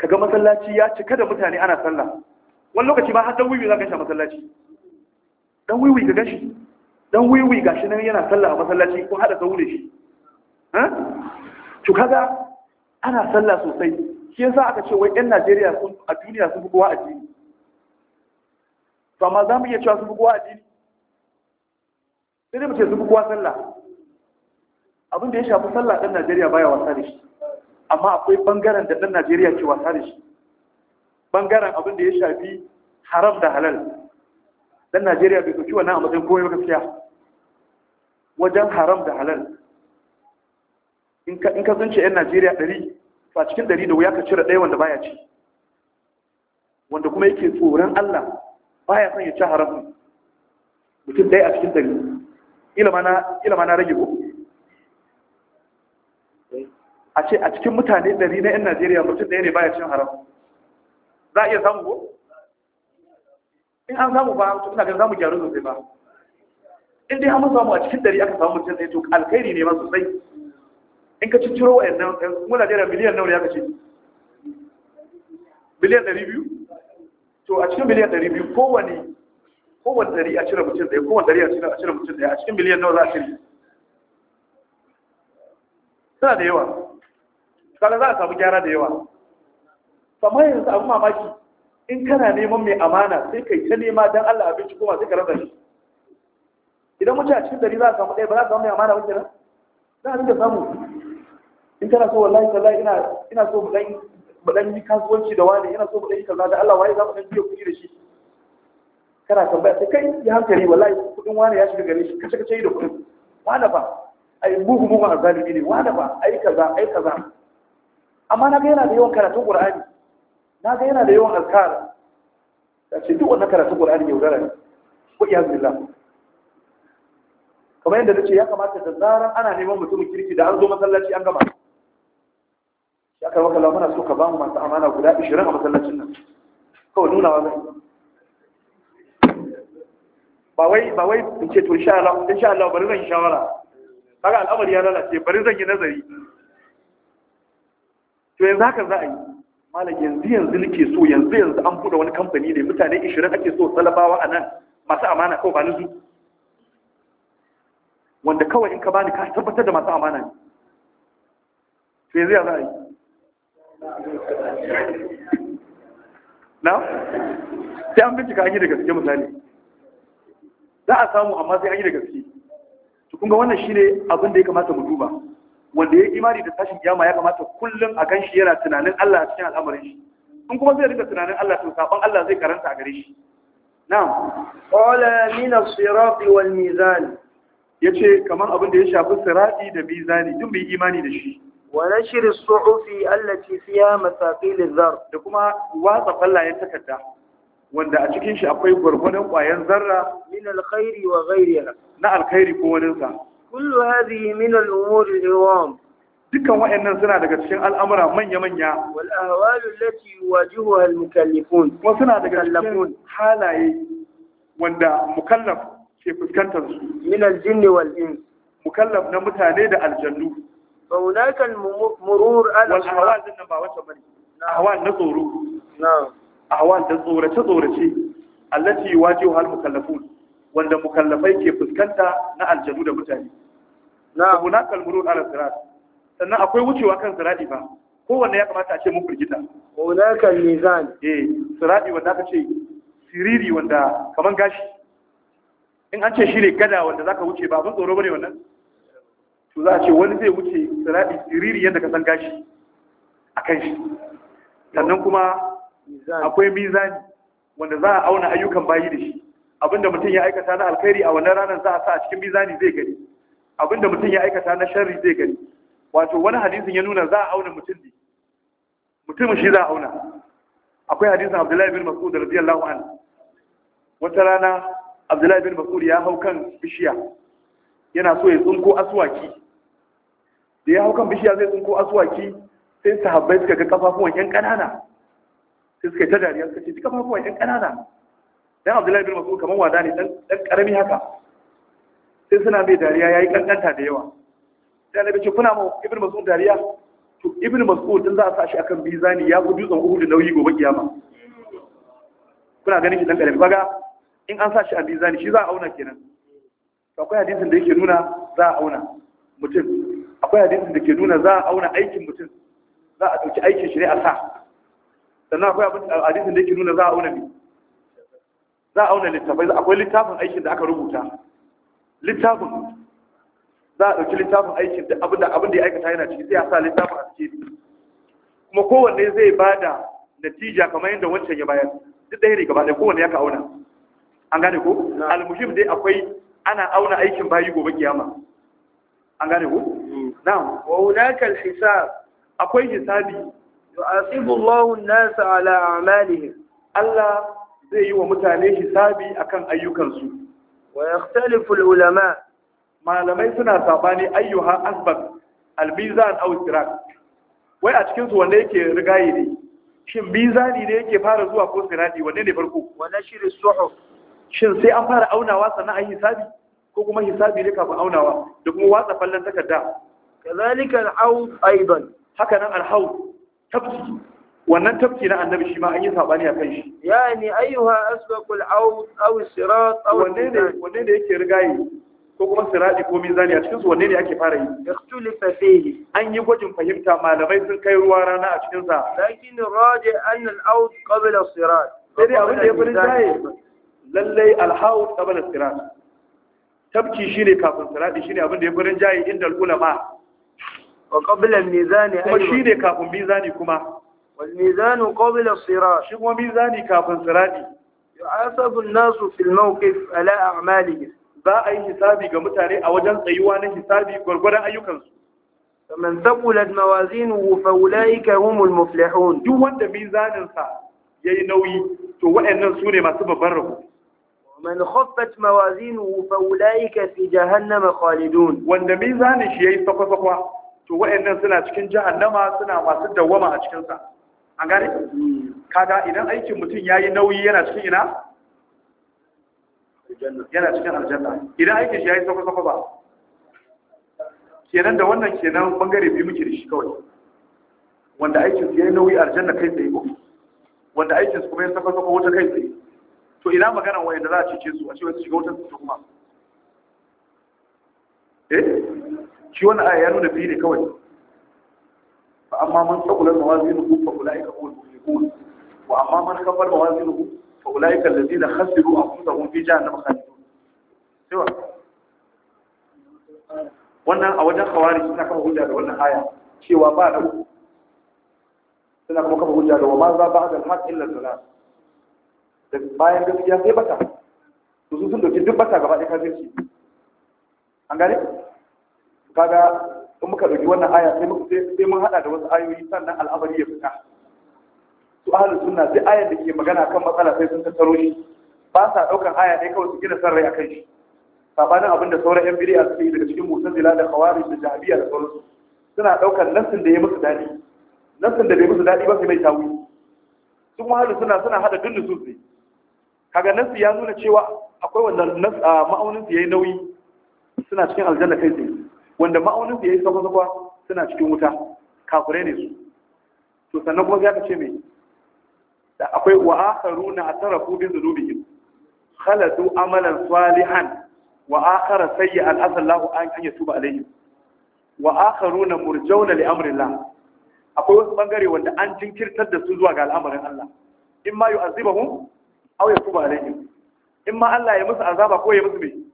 Ka ga masallaci ya cika da mutane ana sallah wani lokaci ma har dan wiwi za ka shi a masallaci Ɗan wiwi ka gashi Ɗan wiwi shi nan yana sallah a masallaci ko haɗa ta wule shi to kaga ana sallah sosai shi yasa aka ce wai yan Najeriya sun a duniya sun fi kowa addini to amma za mu iya cewa sun fi kowa addini sai dai mu ce sun fi kowa sallah abin da ya shafi sallah ɗan Najeriya baya wasa da shi amma akwai bangaren da ɗan Najeriya ke wasa da shi bangaren abin da ya shafi haram da halal dan Najeriya bai ɗauki wannan a matsayin gaskiya wajen haram da halal in ka zance 'yan Najeriya ɗari a cikin ɗari da wuya ka cire ɗaya wanda baya ci wanda kuma yake tsoron Allah baya son ya ci haram mutum ɗaya a cikin ɗari ilama na rage ko a ce a cikin mutane ɗari na 'yan Najeriya mutum ɗaya ne baya cin haram za a iya samu ko in an samu ba to ina ganin zamu gyaru sosai ba in dai an samu a cikin dari aka samu mutum to alkhairi ne ma sosai in ka wa yadda eh, mu jera miliyan nauri aka ce miliyan ɗari biyu to a cikin miliyan ɗari biyu kowane kowane dari a cire mutum ɗaya kowane dari a cire mutum ɗaya a cikin miliyan nauri za a cire suna da yawa Kala za a samu gyara da yawa kamar yanzu abin mamaki in kana neman mai amana sai kai ta nema don Allah abinci kuma sai ka rasa shi idan mutum a cikin dari za a samu ɗaya ba za a samu mai amana ba kenan za a dinga samu in kana so wallahi wallahi ina ina so mu dan mu dan yi kasuwanci da wani ina so mu dan yi kaza da Allah waye za mu dan biyo kuɗi da shi kana tambaya sai kai ya hankali wallahi kuɗin wani ya shiga gare shi kace kace da kuɗin wani ba ai bugu bugu a zalimi ne wani ba ai kaza ai kaza amma na ga yana da yawan karatun Qur'ani na ga yana da yawan alkara da ce duk wannan karatun ƙwararri yaudara ne ko iya zilla kamar yadda na ce ya kamata da zarar ana neman mutumin kirki da an zo masallaci an gama ya karwa kala muna so ka bamu masu amana guda 20 a masallacin nan kawai nuna wa zai ba wai ba wai in ce to insha Allah bari zan yi shawara kaga al'amari ya lalace bari zan yi nazari to yanzu haka za a yi malam yanzu yanzu nake so yanzu yanzu an buɗe wani kamfani ne mutane 20 ake so salabawa a nan masu amana kawai ba nizu wanda kawai in ka bani ka tabbatar da masu amana ne to yanzu ya za a yi na sai an bincika an yi da gaske misali za a samu amma sai an yi da gaske to kunga wannan shine abin da ya kamata mu duba wanda ya imani da tashin kiyama ya kamata kullum a kan shi yana tunanin Allah cikin al'amarin shi in kuma zai rika tunanin Allah to sabon Allah zai karanta a gare shi na'am qala min as-sirat wal mizan yace kaman abin da ya shafi sirati da mizani duk bai imani da shi wa nashr as-suhufi allati fiha masaqil adh-dhar da kuma watsa fallayen takarda wanda a cikin shi akwai gwargwadon kwayan zarra min alkhairi wa ghayriha na alkhairi ko wani sa kullu hadhihi min al-umur Dukkan awam wayannan suna daga cikin al'amura manya-manya wal ahwal allati yuwajihuha al-mukallafun kuma suna daga cikin halaye wanda mukallaf ke fuskantar su min al-jinni wal ins mukallaf na mutane da aljannu fa hunaka al-murur wal ahwal din ba wata bane ahwal na tsoro na'am ahwal da tsorace tsorace allati yuwajihuha al-mukallafun wanda mukallafai ke fuskanta na aljanu da mutane na hunaka murun ala sirat sannan akwai wucewa kan sirati ba kowanne ya kamata a ce mun firgita hunaka mizan eh sirati wanda aka ce siriri wanda kaman gashi in an ce shi ne gada wanda zaka wuce ba mun tsoro bane wannan to za a ce wani zai wuce sirati siriri yadda ka san gashi a kan shi sannan kuma akwai mizani wanda za a auna ayyukan bayi da shi abinda mutum ya aikata na alkhairi a wannan ranar za a sa a cikin mizani zai gani abinda mutum ya aikata na sharri zai gani wato wani hadisin ya nuna za a auna mutum ne mutumin shi za a auna akwai hadisin abdullahi bin mas'ud radiyallahu anhu wata rana abdullahi bin mas'ud ya hau kan bishiya yana so ya tsinko aswaki da ya hau kan bishiya zai tsinko aswaki sai sahabbai suka ga kafafuwan yan ƙanana sai suka yi ta dariya suka ce kafafuwan yan ƙanana dan abdullahi bin mas'ud kaman wada ne dan karami haka sai suna mai dariya yayi kankanta da yawa dan annabi ce kuna mu ibn mas'ud dariya to ibn mas'ud dan za a sa shi akan bizani ya gudu zan uhudu nauyi gobe kiyama kuna ganin shi dan karami kaga in an sa shi a bizani shi za a auna kenan to akwai hadisin da yake nuna za a auna mutum akwai hadisin da ke nuna za a auna aikin mutum za a dauki aikin shi ne a sa sannan akwai hadisin da yake nuna za a auna mutum za a auna littafai akwai littafin aikin da aka rubuta littafin za a ɗauki littafin aikin da abin da ya aikata yana ciki sai a sa littafin a ciki kuma kowanne zai ba da natija kamar yadda wancan ya bayar duk ɗaya ne gaba ɗaya kowanne ya ka auna an gane ko almuhim dai akwai ana auna aikin bayi gobe kiyama an gane ko hmm. na wa hunaka alhisab akwai hisabi yu'asibu Allahu an-nasa ala a'malihim Allah zai yi wa mutane hisabi akan ayyukansu wa yakhtalifu ulama malamai suna sabani ayyuha asbab al albizan aw sirat wai a cikinsu su wanda yake rigayi ne shin mizani ne yake fara zuwa ko sirati wanne ne farko wa nashri suhuf shin sai an fara aunawa sannan ayi hisabi ko kuma hisabi ne kafin aunawa da kuma watsa fallan takarda kazalika al-haud aidan haka nan al-haud wannan tafki na annabi shi ma an yi saɓani a kan shi yani ayyuha asbaqul aw aw sirat aw wanne ne wanne ne yake rigaye ko kuma siradi ko mizani a cikin su wanne ne ake fara yi ikhtulifa fihi an yi gwajin fahimta malamai sun kai ruwa rana a cikin sa lakin raji an al aw qabla sirat sai dai abin da ya fara jaye lallai al haw qabla sirat tafki shine kafin sirati shine abin da ya fara jaye inda al ulama wa qabla mizani kuma shine kafin mizani kuma wal mizanu qabla sirat shi kuma mizani kafin sirati yu'asabu an-nasu fil mawqif ala a'malihim za a yi hisabi ga mutane a wajen tsayuwa na hisabi gwargwaron ayyukansu faman thaqulat mawazinuhu fa ulaika humul muflihun duk wanda mizanin sa yayi nauyi to waɗannan su masu babban rabo man khaffat mawazinuhu fa ulaika fi jahannama khalidun wanda mizanin shi yayi sakwa-sakwa to waɗannan suna cikin jihar jahannama suna masu dawwama a cikinsa. an gane kaga idan aikin mutum yayi nauyi yana cikin ina yana cikin aljanna idan aikin shi yayi sako sako ba kenan da wannan kenan bangare biyu muke da shi kawai wanda aikin ya yayi nauyi aljanna kai tsaye ko wanda aikin kuma ya sako sako wuta kai tsaye to ina magana wanda za a cece su a ce wasu shiga wutar su kuma eh shi wannan aya ya nuna biyu ne kawai amma man ثقل موازينه fa ulaika المفلحون muflihun wa amma man kafar الذين خسروا ulaika في جهنم خالدون fi وانا khalidun خوارج wannan a wajen khawari suna kafa hujja da wannan aya cewa ba da uku suna kuma kafa hujja da wa ma za ba da haq illa salat da bayan gaskiya sai bata su sun doki duk bata gaba ɗaya kafirci an kaga in muka ɗauki wannan aya sai muka sai mun haɗa da wasu ayoyi sannan al'amari ya fita su ahlus sunna sai ayar da ke magana kan matsala sai sun tattaro shi ba sa ɗaukan aya ɗaya kawai su gina san rai akan shi sabanin abin da sauran yan bid'a suke yi daga cikin mu'tazila da khawarij da jahiliya da sauransu suna ɗaukar nassin da ya musu daɗi nassin da bai musu daɗi ba sai mai tawi su kuma suna, sunna suna hada duk da ne kaga nassi ya nuna cewa akwai wannan ma'aunin su yayi nauyi suna cikin aljanna kai tsaye wanda ma'aunin su yayi sama sama suna cikin wuta kafure ne su to sannan kuma ya ce me da akwai wa akharuna atarafu bi dhunubihim khalatu amalan salihan wa akhara sayyi'an asallahu an yatuba alaihim wa akharuna murjauna li amrillah akwai wasu bangare wanda an jinkirtar da su zuwa ga al'amarin Allah in ma yu'azibahum aw yatuba alaihim in ma Allah ya musu azaba ko ya musu me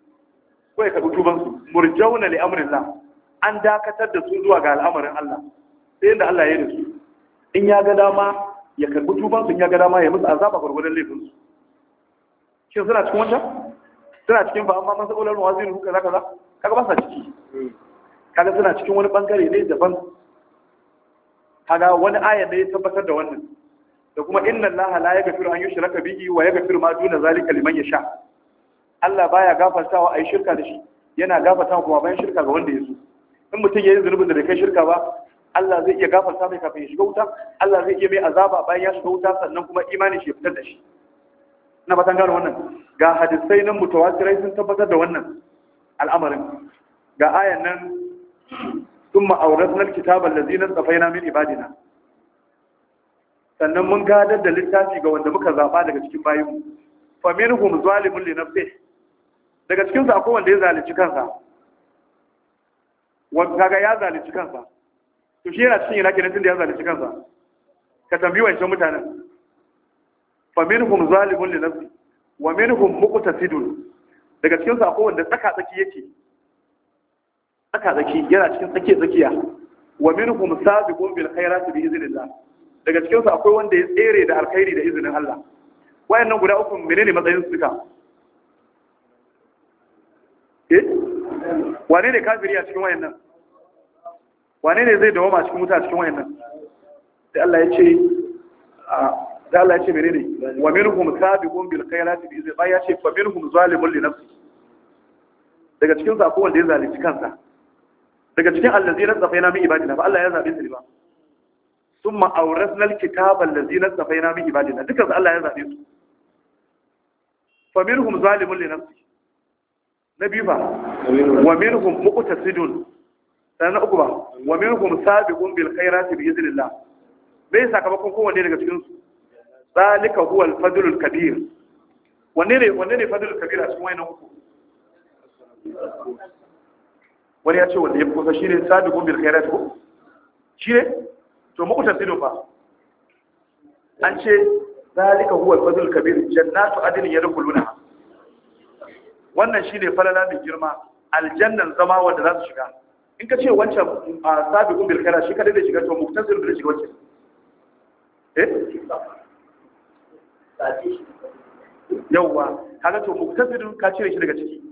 ko ya karɓi tubansu murjauna li amrillah an dakatar da su zuwa ga al'amarin Allah sai inda Allah ya yi da su in ya ga dama ya karɓi tubansu in ya ga dama ya musu azaba laifin laifinsu shin suna cikin wancan suna cikin ba amma man wazirin wazin zaka za kaza kaga ba sa ciki kaga suna cikin wani bangare ne daban kaga wani aya ne ya tabbatar da wannan da kuma inna allaha la yaghfiru an yushraka bihi wa yaghfiru ma duna zalika liman yasha Allah baya gafarta wa ai shirka da shi yana gafartawa kuma bayan shirka ga wanda ya zo. in mutum ya yi zunubin da bai kai shirka ba Allah zai iya gafarta mai kafin ya shiga wuta Allah zai iya mai azaba bayan ya shiga wuta sannan kuma imanin shi ya fitar da shi Ina batan gano wannan ga hadisai nan mutawatirai sun tabbatar da wannan al'amarin ga ayan nan ثم أورثنا الكتاب الذين اصطفينا من عبادنا sannan mun gadar da littafi ga wanda muka zaba daga cikin bayinmu faminhum zalimun li daga cikinsu akwai wanda ya zalunci kansa kaga ya zalunci kansa to shi yana cikin yana kenan tunda ya zalunci kansa ka tambayi wancan mutanen fa minhum zalimun li nafsi wa minhum muqtasidun daga cikinsu akwai wanda tsaka tsaki yake tsaka tsaki yana cikin tsake tsakiya wa minhum sabiqun bil khairati bi iznillah daga cikinsu akwai wanda ya tsere da alkhairi da izinin Allah wayannan guda uku menene matsayin su duka eh wane ne kafiri a cikin wayannan wane ne zai dawoma cikin wuta cikin wayannan sai Allah ya ce da Allah ya ce menene wa minhum sabiqun bil khairati bi izni ya ce fa minhum zalimun li nafsi daga cikin sa wanda ya zalunci kansa daga cikin allazina tsafaina min ibadina Fa Allah ya zabe su ne ba summa awrasna al kitaba allazina tsafaina min ibadina duka Allah ya zabe su fa minhum zalimun li nafsi na biyu ba wa minhum muqtasidun na uku ba wa minhum sabiqun bil khairati bi idhnillah bai sakamakon kowanne daga cikin su zalika huwa al fadlul kabir wanne ne wanne ne fadlul kabir a cikin wayannan uku wani ya ce wanda ya kusa shine sabiqun bil khairati ko shine to muqtasidun ba. an ce zalika huwa al fadlul kabir jannatu adnin yadkhuluna wannan shi ne falala mai girma aljannan zama wanda za su shiga in ka ce wancan a sabi gumbir kara shi kadai da shiga to muktasir da shiga wancan eh yawwa kaga to muktasidun ka cire shi daga ciki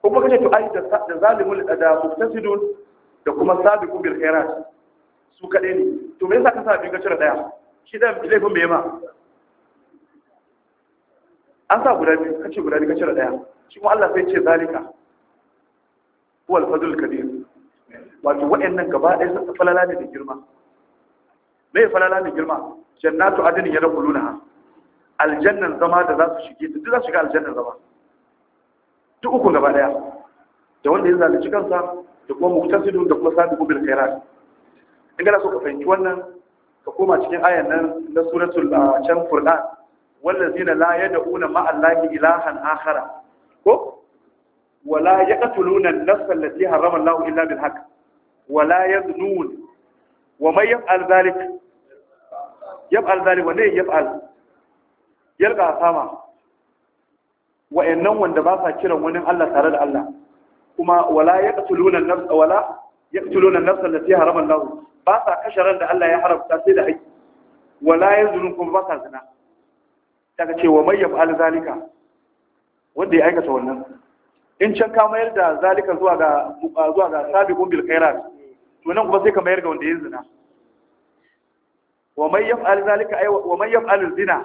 kuma kashe to ai da zalimul da muktasidun da kuma sabi gumbir kara su kadai ne to me yasa ka sa biyu ka cire daya shi dan laifin me ma an sa guda biyu kace guda biyu ka cire daya shi Allah sai ce zalika huwal fadlul kabir wato waɗannan gaba ɗaya sun falala ne da girma me ya falala ne girma jannatu adnin yadkhulunaha aljannan zama da za su shige ta duk za su shiga aljannan zama duk uku gaba ɗaya da wanda ya zalunci kansa da kuma muktasidun da kuma sabiqu bil khairat in kana so ka fahimci wannan ka koma cikin ayan nan na suratul ah, can furqan wallazina la yad'una ma'a allahi ilahan akhara ko wala yaqtuluna an nafsan lati harrama Allah illa bil haqq wala yaznun wa man yaf'al dhalik yaf'al dhalik wa ne yaf'al yalqa sama wa'annan wanda ba sa kiran wani Allah tare da Allah kuma wala yaqtuluna an-nafs wala yaqtuluna an-nafs allati Allah ba sa kashe ran da Allah ya haramta sai da haƙƙi wala yaznun kuma ba sa zina daga cewa mai yaf'al zalika wanda ya aikata wannan in can ka mayar da zalika zuwa ga zuwa ga sabiqun bil khairat to nan kuma sai ka mayar ga wanda ya zina wa man yaf'al zalika ay wa man yaf'al zina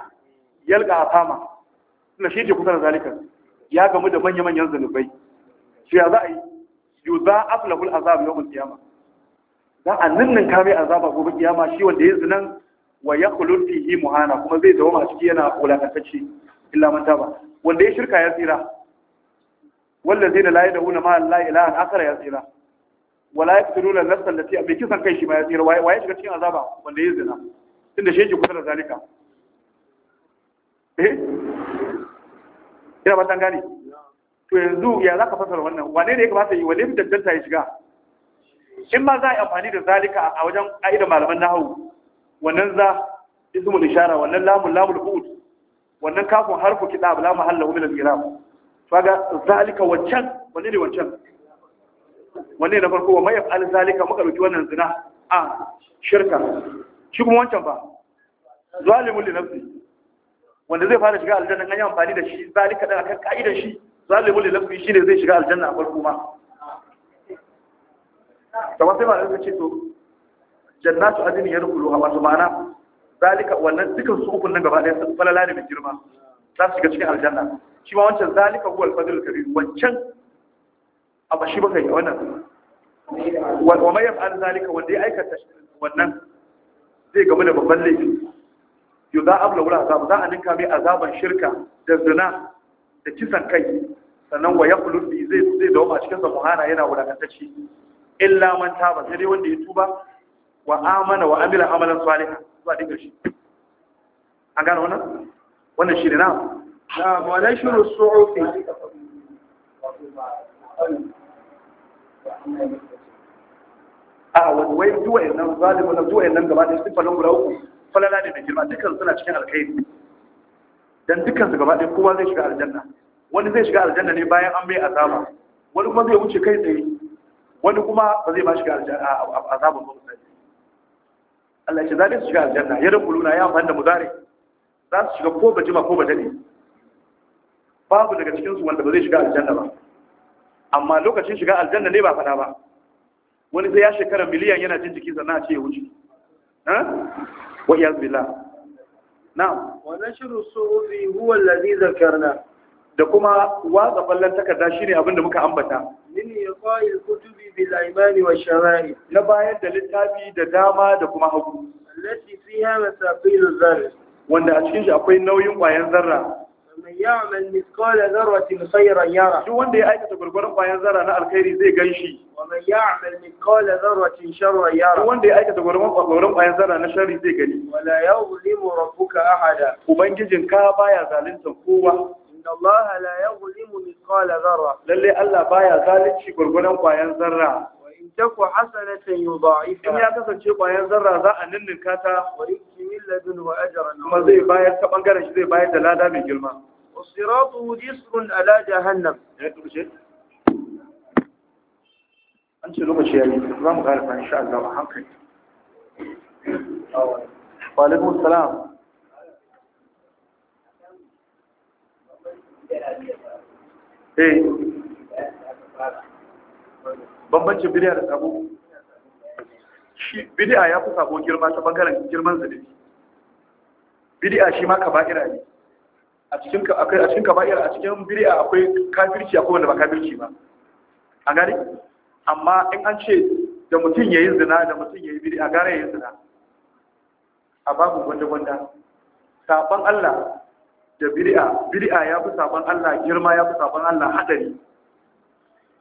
yalqa afama na shi ke kusa da zalika ya gamu da manya manyan zanubai shi ya za a yi yuza aflahul azab yawmul qiyamah za a ka mai azaba gobe kiyama shi wanda ya zinan wa ya fihi muhana kuma zai dawo ma ciki yana wulakantacce illa man taba wanda ya shirka ya tsira wanda zai da layi da wuna ma la ilaha akara ya tsira wala lan nafsa lati bi kisan kai shi ma ya tsira ya shiga cikin azaba wanda ya zina tunda shi yake kusa da zalika eh ina ba tan gani to yanzu ya zaka fasara wannan wane ne ya kamata yi wane ne tantanta ya shiga in ma za a yi amfani da zalika a wajen aida malaman nahawu wannan za ismul ishara wannan lamun lamul qud wannan kafin har harfu kiɗa la mahalla wa minal iram faga zalika wancan wani ne wancan ne na farko wa mayaf al zalika muka dauki wannan zina a shirka shi kuma wancan ba zalimul li nafsi wanda zai fara shiga aljanna an yi amfani da shi zalika da kan ka'idar shi zalimul li nafsi shine zai shiga aljanna a farko ma ta wasu ma da ce to jannatu adini a wasu ma'ana zalika wannan dukan su ukun nan gaba ɗaya sun falala ne mai girma za su shiga cikin aljanna shi ma wancan zalika huwa al-fadl kabir wancan amma shi ba kai wannan wa mai yaf'al zalika wanda ya aikata wannan zai gamu da babban laifi yau za a wula azab za a ninka mai azaban shirka da zina da kisan kai sannan wa yaqulu bi zai zai dawo a cikin sa muhana yana wulakantacce illa man taba sai dai wanda ya tuba wa amana wa amila amalan saliha zuwa dinga shi an gano wannan wannan shi ne na na wala shuru su'ufi a wani wai zuwa yannan zalimin nan zuwa yannan gaba su siffalin guda uku falala ne mai girma dukkan suna cikin alkhairi dan dukkan su gaba da kowa zai shiga aljanna wani zai shiga aljanna ne bayan an bai azaba wani kuma zai wuce kai tsaye wani kuma ba zai ba shiga azabin ba sai Allah ya ce za su shiga aljanna ya na ya amfani da muzari za su shiga ko bajima ko bajani babu daga cikinsu wanda ba zai shiga aljanna ba amma lokacin shiga aljanna ne ba fada ba wani sai ya shekara miliyan yana jin jiki sannan a ce ya wuce wa ya billah na'am wa nashru suhufi huwa allazi zakarna da kuma watsa ballan takarda shine abinda muka ambata min yaqa'il kutubi bil aymani wa shara'i. na bayan da littafi da dama da kuma hagu allati fiha masaqilu zarr wanda a cikin shi akwai nauyin kwayan zarra man ya'mal mithqala dharratin khayran yara duk wanda ya aikata gurgurun kwayan zarra na alkhairi zai ganshi wa man ya'mal mithqala dharratin sharran yara duk wanda ya aikata gurgurun kwayan zarra na sharri zai gani wala yuzlimu rabbuka ahada ubangijinka baya zalunta kowa inna allaha la yuzlimu mithqala dharra lalle Allah baya zalunci gurgurdan kwayan zarra wa in taku hasanatan yudha'ifa in ya kasance kwayan zarra za a ninninka ta wa yakmil ladun wa ajran kuma zai bayar ta bangaren shi zai bayar da lada mai girma wasiratu jisrun ala jahannam ya turje an ce lokaci ya yi za mu ƙarfa insha Allah a hankali. Wa alaikum salam. eh bambancin bidiya da sabo shi bidiya ya fi sabo girma ta bangaren girman zunubi bidiya shi ma kaba'ira ne a cikin akwai a cikin kaba'ira a cikin bidiya akwai kafirci akwai wanda ba kafirci ba a gani amma in an ce da mutum ya yi zina da mutum ya yi bidiya gare ya yi zina a babu gwanda-gwanda saban Allah da bid'a bid'a ya fi sabon Allah girma ya fi sabon Allah hadari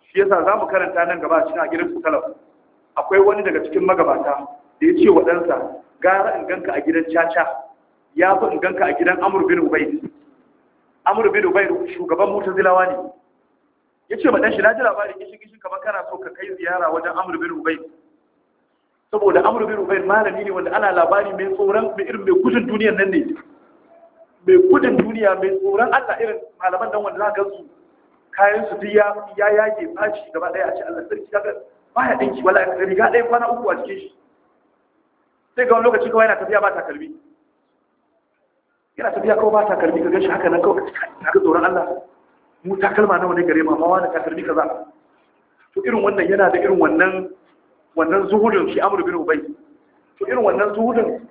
shi yasa za mu karanta nan gaba cikin agirin su talaf akwai wani daga cikin magabata da ya ce wa ɗansa gara in ganka a gidan caca ya fi in ganka a gidan amur bin ubaid amur bin ubaid shugaban mutazilawa ne ya ce ma ɗanshi na ji labarin kishi kishi kamar kana so ka kai ziyara wajen amur bin ubaid saboda amur bin ubaid malami ne wanda ana labari mai tsoron mai irin mai gudun duniyar nan ne mai gudun duniya mai tsoron Allah irin malaman dan wanda zaka su kayan su ya ya yage faci gaba daya a ce Allah sarki kaga ya dinki wala riga dai kwana uku a cikin shi sai ga wani lokaci kawai yana tafiya ba takalmi yana tafiya kawai ba takalmi ka gashi haka nan kawai ka ga tsoron Allah mu takalma nawa ne gare ma ma wani takalmi kaza to irin wannan yana da irin wannan wannan zuhudin shi amru bin ubay to irin wannan zuhudin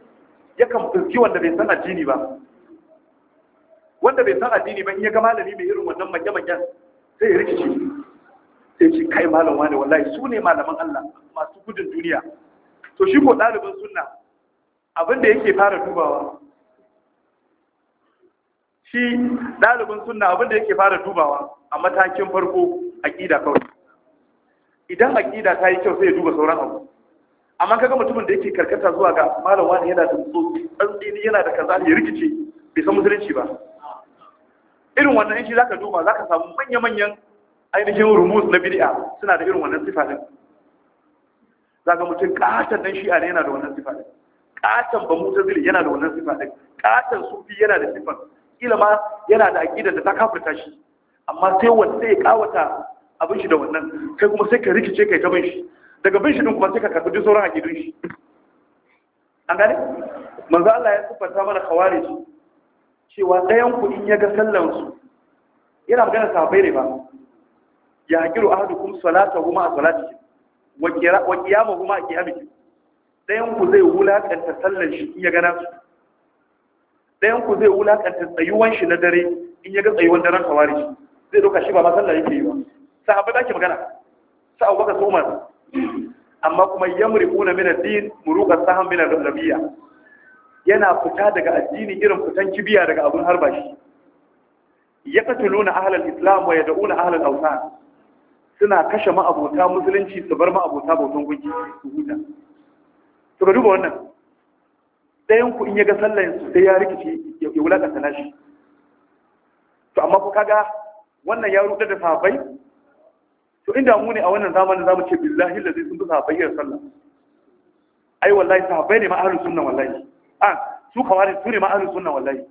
yakan fuski wanda bai san addini ba wanda bai san addini ba in ya ga malami mai irin wannan manya-manyan sai ya rikice sai ce kai malam wani wallahi su ne malaman Allah masu gudun duniya to shi ko ɗalibin sunna abin da yake fara dubawa shi ɗalibin sunna abin da yake fara dubawa a matakin farko aƙida kawai idan aƙida ta yi kyau sai ya duba sauran abu amma kaga mutumin da yake karkata zuwa ga malam wani yana da tsotsi tsantsini yana da kaza ya rikice bai san musulunci ba irin wannan shi zaka duba zaka samu manya-manyan ainihin rumus na bid'a suna da irin wannan sifa din zaka mutum katan dan shi'a ne yana da wannan sifa din katan ba mutazili yana da wannan sifa din katan sufi yana da sifa kila ma yana da aqida da ta kafirta shi amma sai wanda sai ya kawata abin shi da wannan kai kuma sai ka rikice kai ta bin shi daga bin shi din kuma sai ka karbi sauran aqidun shi an gane manzo Allah ya siffanta mana khawarij cewa ɗayan kuɗin in ya ga sallansu yana magana sahabbai ne ba ya hakiru ahadukum salata kuma a salatihi wa qiyama huma a qiyamihi ɗayan ku zai wulaƙanta sallan shi in ya gana su ɗayan ku zai wulaƙanta tsayuwan shi na dare in ya ga tsayuwan daren kawari zai ɗauka shi ba ma sallah yake yi ba sahabbai da ke magana sa abubakar su umar amma kuma yamriquna min mina din muruqa sahan mina da rabiya yana fita daga addini irin fitan kibiya daga abun harba shi ya katuluna ahlal islam wa yad'una ahlal awsan suna kashe ma'abota musulunci su bar ma'abota bautan gunki su huta to ga duba wannan ɗayan ku in ya ga sallan su sai ya rikice ya wulakanta nashi to amma ku kaga wannan ya rudar da sahabbai to inda mu ne a wannan zamanin zamu ce billahi lazai sun bi sahabbai ya sallah ai wallahi sahabbai ne ma ahlus sunna wallahi a ah, su kawari su ne ma'anin sunna wallahi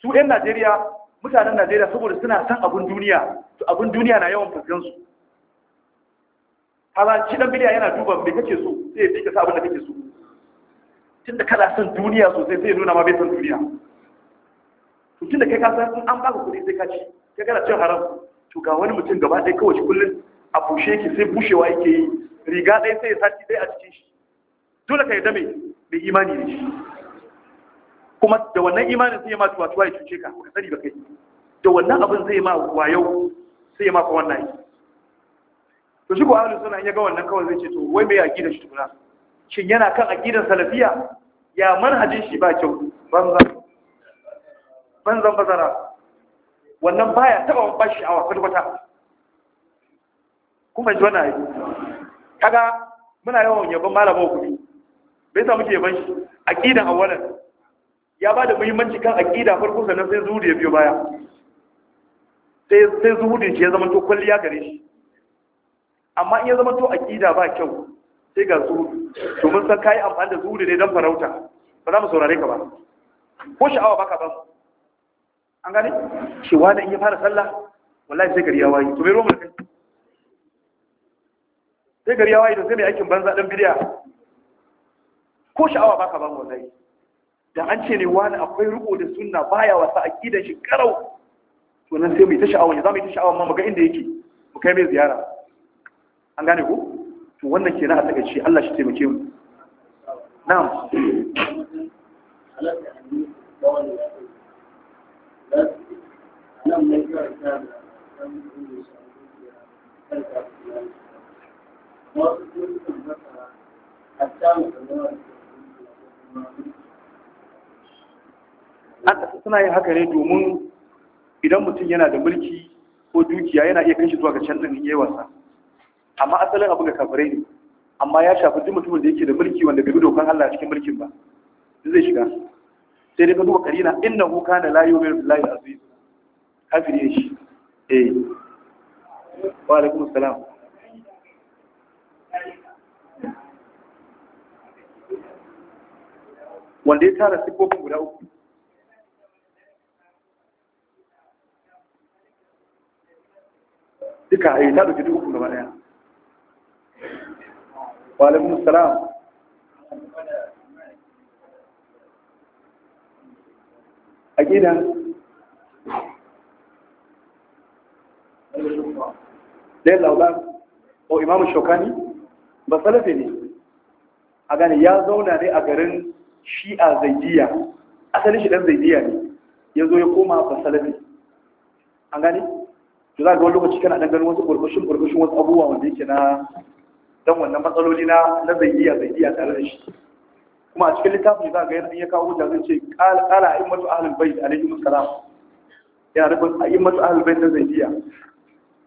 su yan najeriya mutanen najeriya saboda suna san abin duniya to abin duniya na yawan fuskansu hala ɗan dan yana duba me kake so sai ya fi kasa abin da kake so tunda kada son duniya sosai sai ya nuna ma bai san duniya to da kai ka san an baka kuɗi sai kaci, ci kai cin haram to ga wani mutum gaba ɗaya kawai kullum a bushe yake sai bushewa yake yi riga ɗaya sai ya sati ɗaya a cikin shi dole ka yi dame da imani ne shi kuma da wannan imanin sai ya ma tuwa-tuwa ya cuce ka ka sani ba kai da wannan abin zai ma wayau sai ya ma fa wannan yi to shi ko ahlus sunna in ya ga wannan kawai zai ce to wai me aqidar shi tukuna shin yana kan aqidar salafiya ya manhajin shi ba kyau banza banza bazara wannan baya taba ba shi a kwata-kwata kuma ji wannan yi kaga muna yawan yabon malamin kuɗi bai sa muke ban aqida aqidan ya ba da muhimmanci kan aqida farko sannan sai zuhudi ya biyo baya sai sai zuhudin shi ya zama to kulliya gare shi amma in ya zama to aqida ba kyau sai ga zuhudu to mun san kai amfani da zuhudi ne dan farauta ba za mu saurare ka ba ko sha'awa baka ba an gane shi wani in ya fara sallah wallahi sai gari ya wayi to me ruwan kai sai gari ya wayi to sai mai aikin banza dan bidiya ko sha'awa baka ba mu wallahi da an ce ne wani akwai riko da sunna baya wasa a shi karau to nan sai mu ta sha'awa ya zamu ta sha'awa amma muga inda yake mu kai mai ziyara an gane ko to wannan kenan a takaice Allah shi taimake mu na'am da you. suna yin haka ne domin idan mutum yana da mulki ko dukiya yana iya kanshi zuwa ga can ɗin yi wasa amma asalin abu ga kafirai ne amma ya shafi duk mutumin da yake da mulki wanda bai bi dokan Allah cikin mulkin ba zai shiga sai dai ka duba karina innahu kana la yu'minu billahi aziz kafiri ne shi eh wa alaikum assalam wanda ya tara siffofin guda uku duka a eh, yi ta ɗauki uku gaba ɗaya walaikun salam a gida ɗayan laubar o imamu shokani ba salafi ne a gani ya zauna ne a garin shi'a zaidiya asalin shi dan zaidiya ne ya zo ya koma basalafi an gani? to za ga wani lokaci kana dan ganin wasu burbushin burbushin wasu abubuwa wanda yake na dan wannan matsaloli na na zaidiya zaidiya tare da shi kuma a cikin littafin za ga yadda ya kawo hujja zai ce qala qala a'immatu ahlul bait alayhi assalam yana rubun a'immatu ahlul bait na zaidiya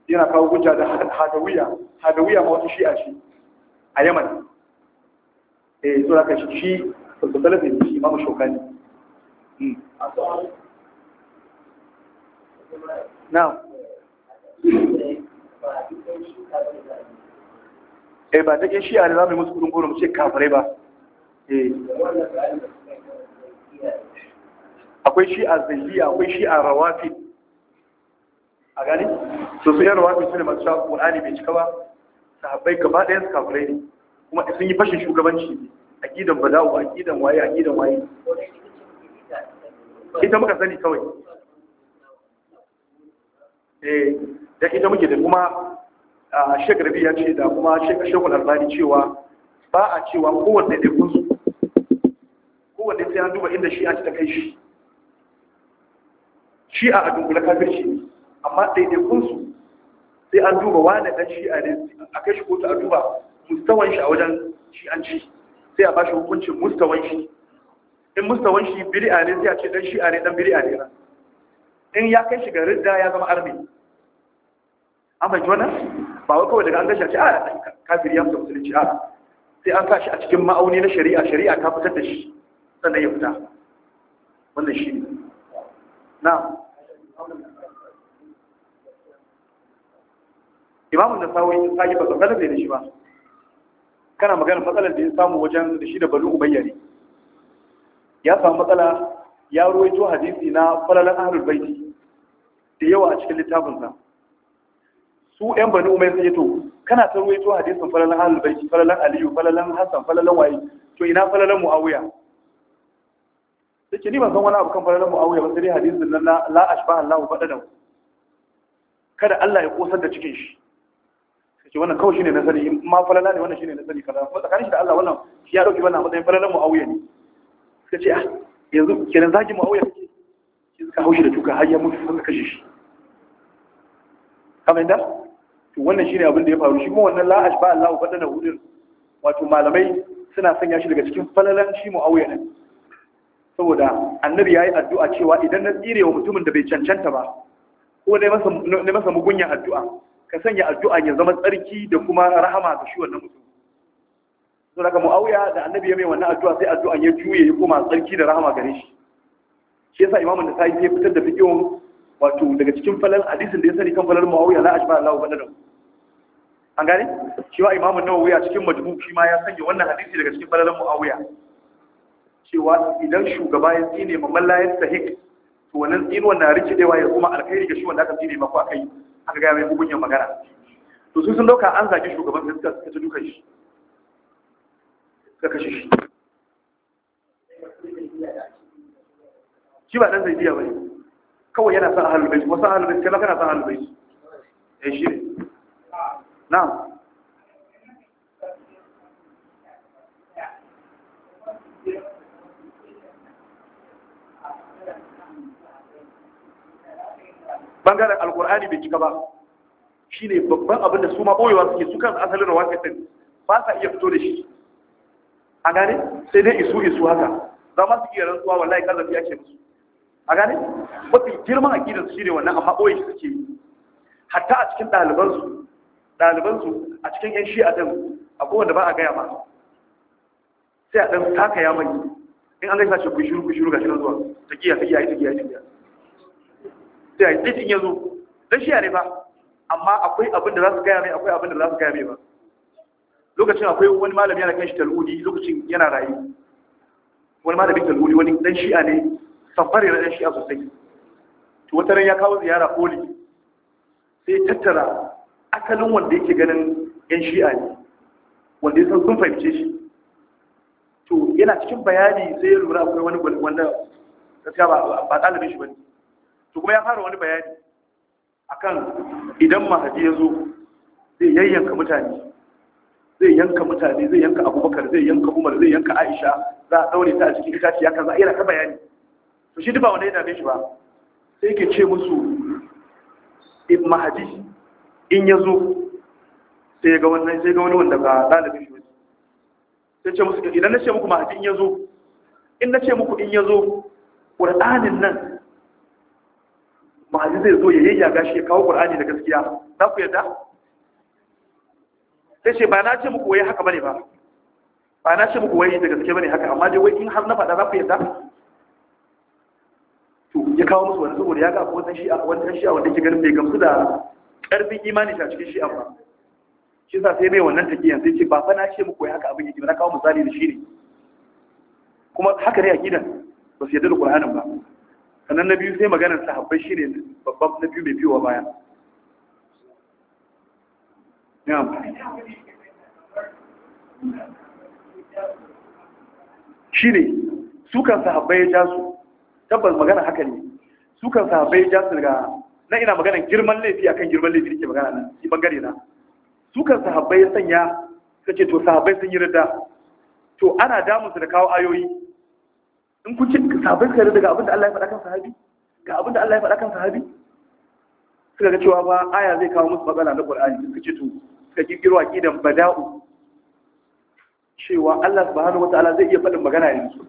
yana kawo hujja da hadawiya hadawiya ma wata shi'a shi a yaman eh so da shi salafi ne shi imamu shokani hmm. na eh ba take shi a zamu ba eh akwai shi a akwai shi a rawafi a gani so su yan rawafi su ne masu shafi qur'ani bai gaba ɗaya su kuma sun yi fashin shugabanci aqidan bada'u aqidan waye aqidan waye ita muka sani kawai eh da ita muke da kuma a Rabi ya ce da kuma Sheikh Sheikh Al-Albani cewa ba a cewa kowanne da kunsu kowanne sai an duba inda shi an ta kai shi shi a dunkula kafirci shi, amma kunsu sai an duba wane ɗan shi a kai shi kotu a duba mustawan shi a wajen shi an ci. sai a ba shi hukuncin mustawan shi in mustawan shi bid'a ne sai a ce dan shi'a ne dan bid'a ne in ya kai shi ga ridda ya zama arni an fahimci wannan ba wai kawai daga an gashi a ce a ah, kafir ya fita musulunci a ah. sai an sa shi a cikin ma'auni na shari'a shari'a ta fitar da shi sannan ya fita wannan shi ne na imamun da sawoyi ta yi ba tsakanin da shi ba kana maganar matsalar da ya samu wajen da shi da banu umayya ne ya samu matsala ya ruwaito hadisi na falalan ahlul baiti da yawa a cikin littafin sa su yan banu umayya sai to kana ta ruwaito hadisin falalan ahlul baiti falalan aliyu falalan Hassan, falalan waye to ina falalan muawiya sai ni ban san wani abu kan falalan muawiya ba sai dai hadisin nan la ashba Allahu fadadan kada Allah ya kosar da cikin shi sai wannan kawai shine na sani ma falala ne wannan shine na sani kaza ko tsakanin shi da Allah wannan shi ya dauki wannan a matsayin falalan Muawiya ne suka ce ah yanzu kenan zaki Muawiya kake shi suka haushi da tuka har ya mutu suka kashe shi kamar da to wannan shine abin da ya faru shi kuma wannan la'ash ashba Allah fa dana hudin wato malamai suna sanya shi daga cikin falalan shi Muawiya ne saboda annabi yayi addu'a cewa idan na tsirewa mutumin da bai cancanta ba ko ne masa ne masa mugunya addu'a ka sanya addu'a ya zama tsarki da kuma rahama ga shi wannan mutum to daga muawiya da annabi ya mai wannan addu'a sai addu'a ya juye ya koma tsarki da rahama gare shi shi yasa imamu da sai ya fitar da fiqhun wato daga cikin falal hadisin da ya sani kan falal muawiya la ajma Allahu da an gane cewa imamu nawawi a cikin majmu shi ma ya sanya wannan hadisi daga cikin falal muawiya cewa idan shugaba ya tsine ma mallayin sahih to wannan tsinuwan na rikidewa ya kuma alkhairi ga shi wanda aka tsine maka akai aka gaya mai mugunyar magana to su sun dauka an zaki shugaban da suka ta dukan shi suka kashe shi shi ba dan zai biya bane kawai yana san ahlul wasu ahlul bait kai kana san ahlul bait eh shi ne na'am bangaren alkur'ani bai cika ba Shi ne babban abin da su ma ɓoyewa suke su kansu asalin ke din ba sa iya fito da shi a gane sai dai isu isu haka za ma su iya rantsuwa wallahi kallafi ake musu a gane mafi girman aƙidar shi shine wannan amma ɓoye shi suke hatta a cikin ɗalibansu ɗalibansu a cikin yan shi a ɗan akwai wanda ba a gaya ma sai a ɗan taka ya mai in an gaisa shi kushuru shiru ga shiru na zuwa ta giya ta giya ta giya ta giya sai ɗin ya zo dan shi ne ba amma akwai abin da za su gaya mai akwai abin da za su gaya mai ba lokacin akwai wani malami yana kan shi talhudi lokacin yana rayu wani malami talhudi wani ɗan shi'a ne samfari na shi shi'a sosai to wata ran ya kawo ziyara koli sai tattara asalin wanda yake ganin ɗan shi'a ne wanda ya san sun fahimce shi to yana cikin bayani sai ya lura akwai wani wanda gaskiya ba ɗalibin shi ba ne to kuma ya fara wani bayani akan idan mahadi ya zo zai yayyanka mutane zai yanka mutane zai yanka abubakar zai yanka umar zai yanka aisha za a daure ta a cikin itaciya kaza yana ta bayani to shi duba wani yana shi ba sai yake ce musu mahaji mahadi in ya zo sai ga wannan sai ga wani wanda ba ɗalibin shi sai ce musu idan na ce muku mahadi in ya zo in na ce muku in ya zo ƙur'anin nan ma'azi zai zo ya yi yaga shi ya kawo ƙur'ani da gaskiya za ku yarda sai ce ba na ce muku wai haka bane ba ba na ce muku wai da gaske bane haka amma dai wai in har na faɗa za ku yarda to ya kawo musu wani saboda ya ga akwai wani shi'a wannan shi'a wanda ke ganin bai gamsu da ƙarfin imani ta cikin shi'a ba shi sa sai mai wannan takiyan sai ce ba fa na ce muku wai haka abin yake ba na kawo misali da shi ne kuma haka ne a gidan ba su yarda da Qur'anin ba sannan na biyu sai maganar sahabbai shi ne babban na biyu mai biyuwa baya shi ne sukan sahabbai ya ja su tabbas magana haka ne sukan sahabbai ya ja su daga na ina maganar girman laifi akan girman laifi ke magana nan shi bangare na sukan sahabbai ya sanya suka ce to sahabbai sun yi rida to ana damunsu da kawo ayoyi in kun ce sabai suka daga abin da Allah ya faɗa kan sahabi ga abin da Allah ya faɗa kan sahabi suka ga cewa ba aya zai kawo musu matsala na Qur'ani suka ce to suka kirkiro aqidan bada'u cewa Allah subhanahu wataala zai iya faɗin magana yanzu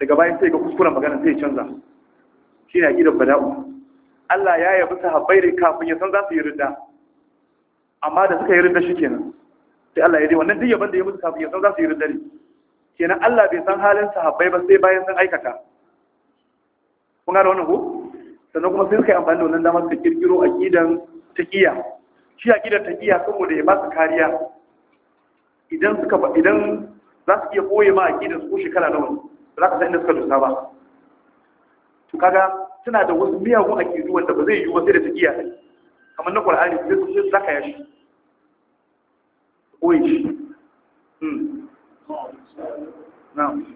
daga bayan sai ga kuskuren magana sai ya canza shine aqidan bada'u Allah ya yabi sahabbai da kafin ya san za su yi ridda amma da suka yi ridda shikenan sai Allah ya dai wannan duk yaban da ya musu kafin ya san za su yi ridda ne kenan Allah bai san halin sahabbai ba sai bayan sun aikata kun da wannan ko sannan kuma sai suka yi amfani da wannan dama suka kirkiro aqidan taqiya shi aqidan taqiya saboda ya ba su kariya idan suka idan za su iya koye ma aqidan su ko shekara nawa ba za ka san inda suka dosa ba to kaga suna da wasu miyagun aqidu wanda ba zai yiwu ba sai da taqiya kamar na Qur'ani sai su zaka yashi koyi shi na'am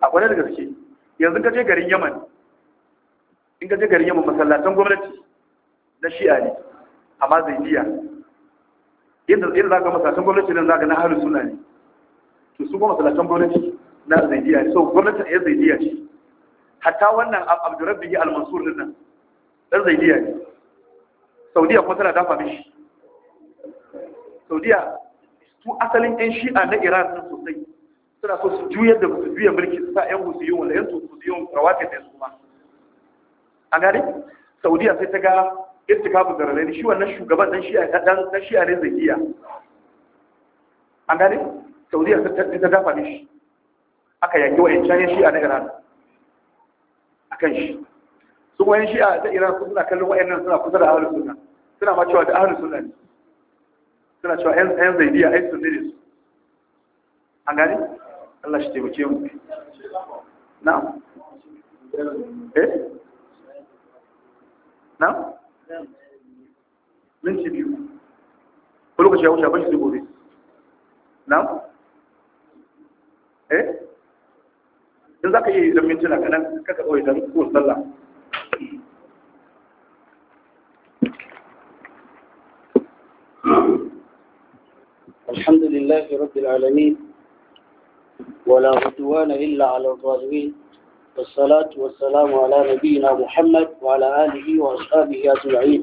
a kwanar da gaske yanzu ka ce garin yaman in ka ce garin yaman masallatan gwamnati na shi'a ne amma biya inda inda za ka masallacin gwamnati nan za ka na ahalin suna ne to su kuma masallacin gwamnati na zaidiya ne so gwamnatin ya zaidiya ce hatta wannan abdurrabbi al-mansur din nan dan zaidiya ne saudiya kuma tana dafa mishi saudiya su asalin yan shi'a na iran sun sosai suna so su juyar da su juya mulki su sa yan musu yi wanda yan su su yi wanda rawatin da su kuma a gari saudiya sai ta ga istikafu zaralaini shi wannan shugaban dan shi'a dan dan shi'a ne zakiya an gane saudiya ta dafa shi aka yanki wayan can shi'a na iran akan shi su wayan shi'a ta iran su suna kallon wayannan suna kusa da ahlus sunna suna ma cewa da ahlus sunna ne suna cewa yan yan zakiya ai sunni ne su an gane Allah shi taimake mu na'am eh na'am minti biyu ko lokaci ya wuce ba shi gobe na eh in za ka yi don mintuna kanan kaka kawai don kowar sallah الحمد لله رب العالمين ولا عدوان إلا على الظالمين والصلاة والسلام على نبينا محمد وعلى آله وأصحابه أجمعين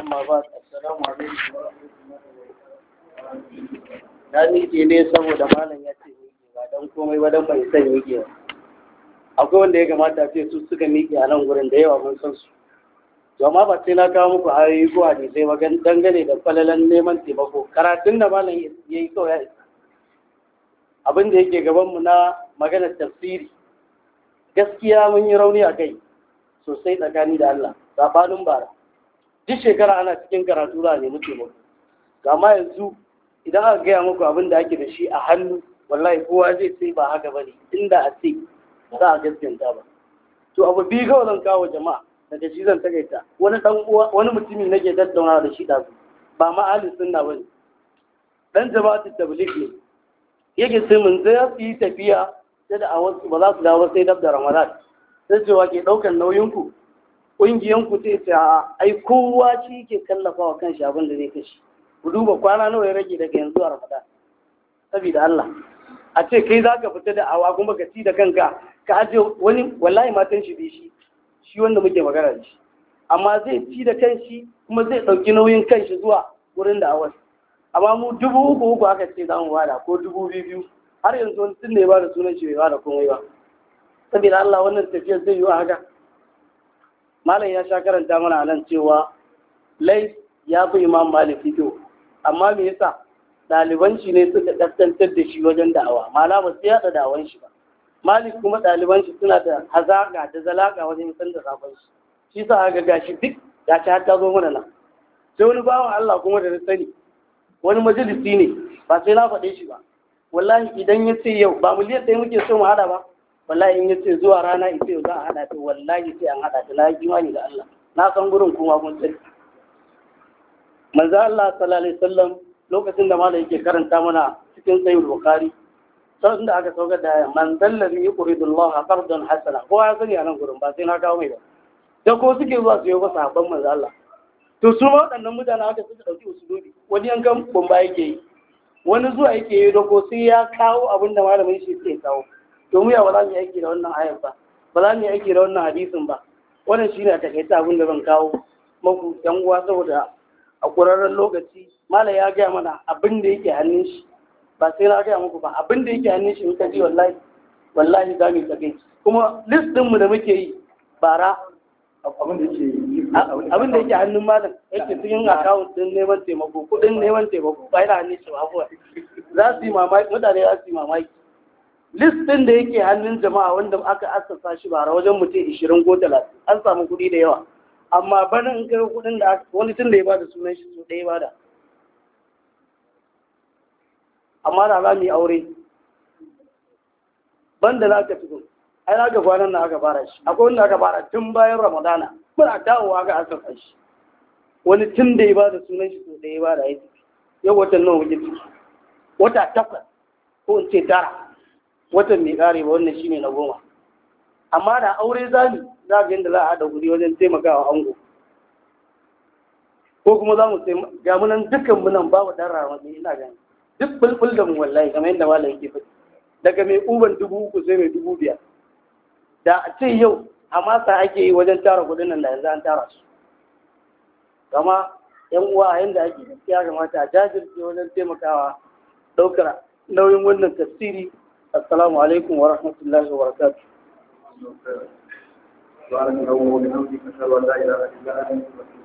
أما بعد السلام عليكم ورحمة الله وبركاته na miƙe ne saboda malam ya ce miƙe ba don komai ba don bai san miƙe akwai wanda ya kamata ce su suka miƙe a nan gurin da yawa mun san su to amma ba sai na kawo muku ayoyi ko hadisai ba dangane da falalan neman taimako karatun da malam ya yi kawai abin da yake gaban mu na maganar tafsiri gaskiya mun yi rauni a kai sosai tsakani da Allah sabanin bara duk shekara ana cikin karatu za a nemi taimako ga yanzu idan aka gaya muku abin da ake da shi a hannu wallahi kowa zai sai ba haka bane inda a ce za a gaskiyanta ba to abu biyu kawai zan kawo jama'a daga shi zan takaita wani dan uwa wani mutumi nake daddauna da shi da ba ma ahli sunna bane dan jama'atu tabligh ne yake sai mun zai yi tafiya ta da ba za su dawo sai dab da ramadan sai cewa ke ɗaukan nauyinku ƙungiyanku sai ta ai kowa shi ke kallafa wa kanshi abin da zai kashi ku duba kwana nawa ya rage daga yanzu a ramadan saboda Allah a ce kai za ka fita da awa kuma ka ci da kanka ka aje wani wallahi matan shi bi shi shi wanda muke magana da shi amma zai ci da kanshi kuma zai ɗauki nauyin kanshi zuwa wurin da awas amma mu dubu uku uku aka ce za mu wada ko dubu biyu biyu har yanzu wani tun ne ba da sunan shi bai ba da komai ba saboda Allah wannan tafiyar zai yi haka malam ya sha karanta mana nan cewa lai ya fi imam malik fito amma me yasa ɗaliban shi ne suka daftantar da shi wajen da'awa mala ba su yaɗa da'awan shi ba malik kuma ɗaliban shi suna da hazaƙa da zalaƙa wajen san da sabon shi shi sa ga gashi duk gashi har ta zo mana nan sai wani bawan Allah kuma da na sani wani majalisi ne ba sai na faɗe shi ba wallahi idan ya ce yau ba miliyan ɗaya muke so mu hada ba wallahi in ya ce zuwa rana ita yau za a hada ta wallahi sai an hada ta na yi imani da Allah na san gurin kuma kun sani manzo Allah sallallahu alaihi wasallam lokacin da Malam yake karanta mana cikin sahih bukhari sai da aka saukar da man dallazi yuridu Allah qardan hasana ko ya sani a nan gurin ba sai na kawo mai ba da ko suke zuwa su yi wa sahabban manzo Allah to su ma waɗannan mutane haka suka dauki usulubi wani yankan bomba yake yi wani zuwa yake yi doko sai ya kawo abin da malamin shi sai kawo domin ya ba za mu yi aiki da wannan ayar ba ba za mu yi aiki da wannan hadisin ba wannan shine a takaita abin da zan kawo maku yan uwa saboda a ƙurarren lokaci malam ya gaya mana abin da yake hannun shi ba sai na gaya muku ba abin da yake hannun shi muka ji wallahi wallahi za mu yi kuma list ɗinmu da muke yi bara abin da ke yi abin da yake hannun malam yake cikin account din neman taimako kudin neman taimako ba yana hannun shi abuwa za su yi mamaki mutane za su yi mamaki list din da yake hannun jama'a wanda aka assasa shi bara wajen mutum 20 ko talatin an samu kuɗi da yawa amma bana in kai kuɗin da wani tun da ya bada sunan shi su ɗaya bada amma da za mu yi aure banda za ka fito ai za ka kwanan na aka fara shi akwai wanda aka fara tun bayan ramadana ba dawowa ga asar shi wani tun da ya ba da sunan shi da ya ba da ya tafi yau watan nawa wajen ciki wata takwas ko in ce tara watan mai kare ba wannan shine na goma amma da aure zami za ga yadda za a haɗa guri wajen taimakawa ango ko kuma za mu ga gamunan dukkan mu ba wa dan ramadi ina gani duk bulbul da mu wallahi kamar yadda malam yake faɗi daga mai uban dubu uku sai mai dubu biyar da a ce yau amma sa ake yi wajen tara kudin nan da yanzu an tara su kama yan uwa a yanda ake gaskiya kamata a jajirce wajen taimakawa ɗaukar nauyin wannan tafsiri assalamu alaikum wa rahmatullahi wa barakatuh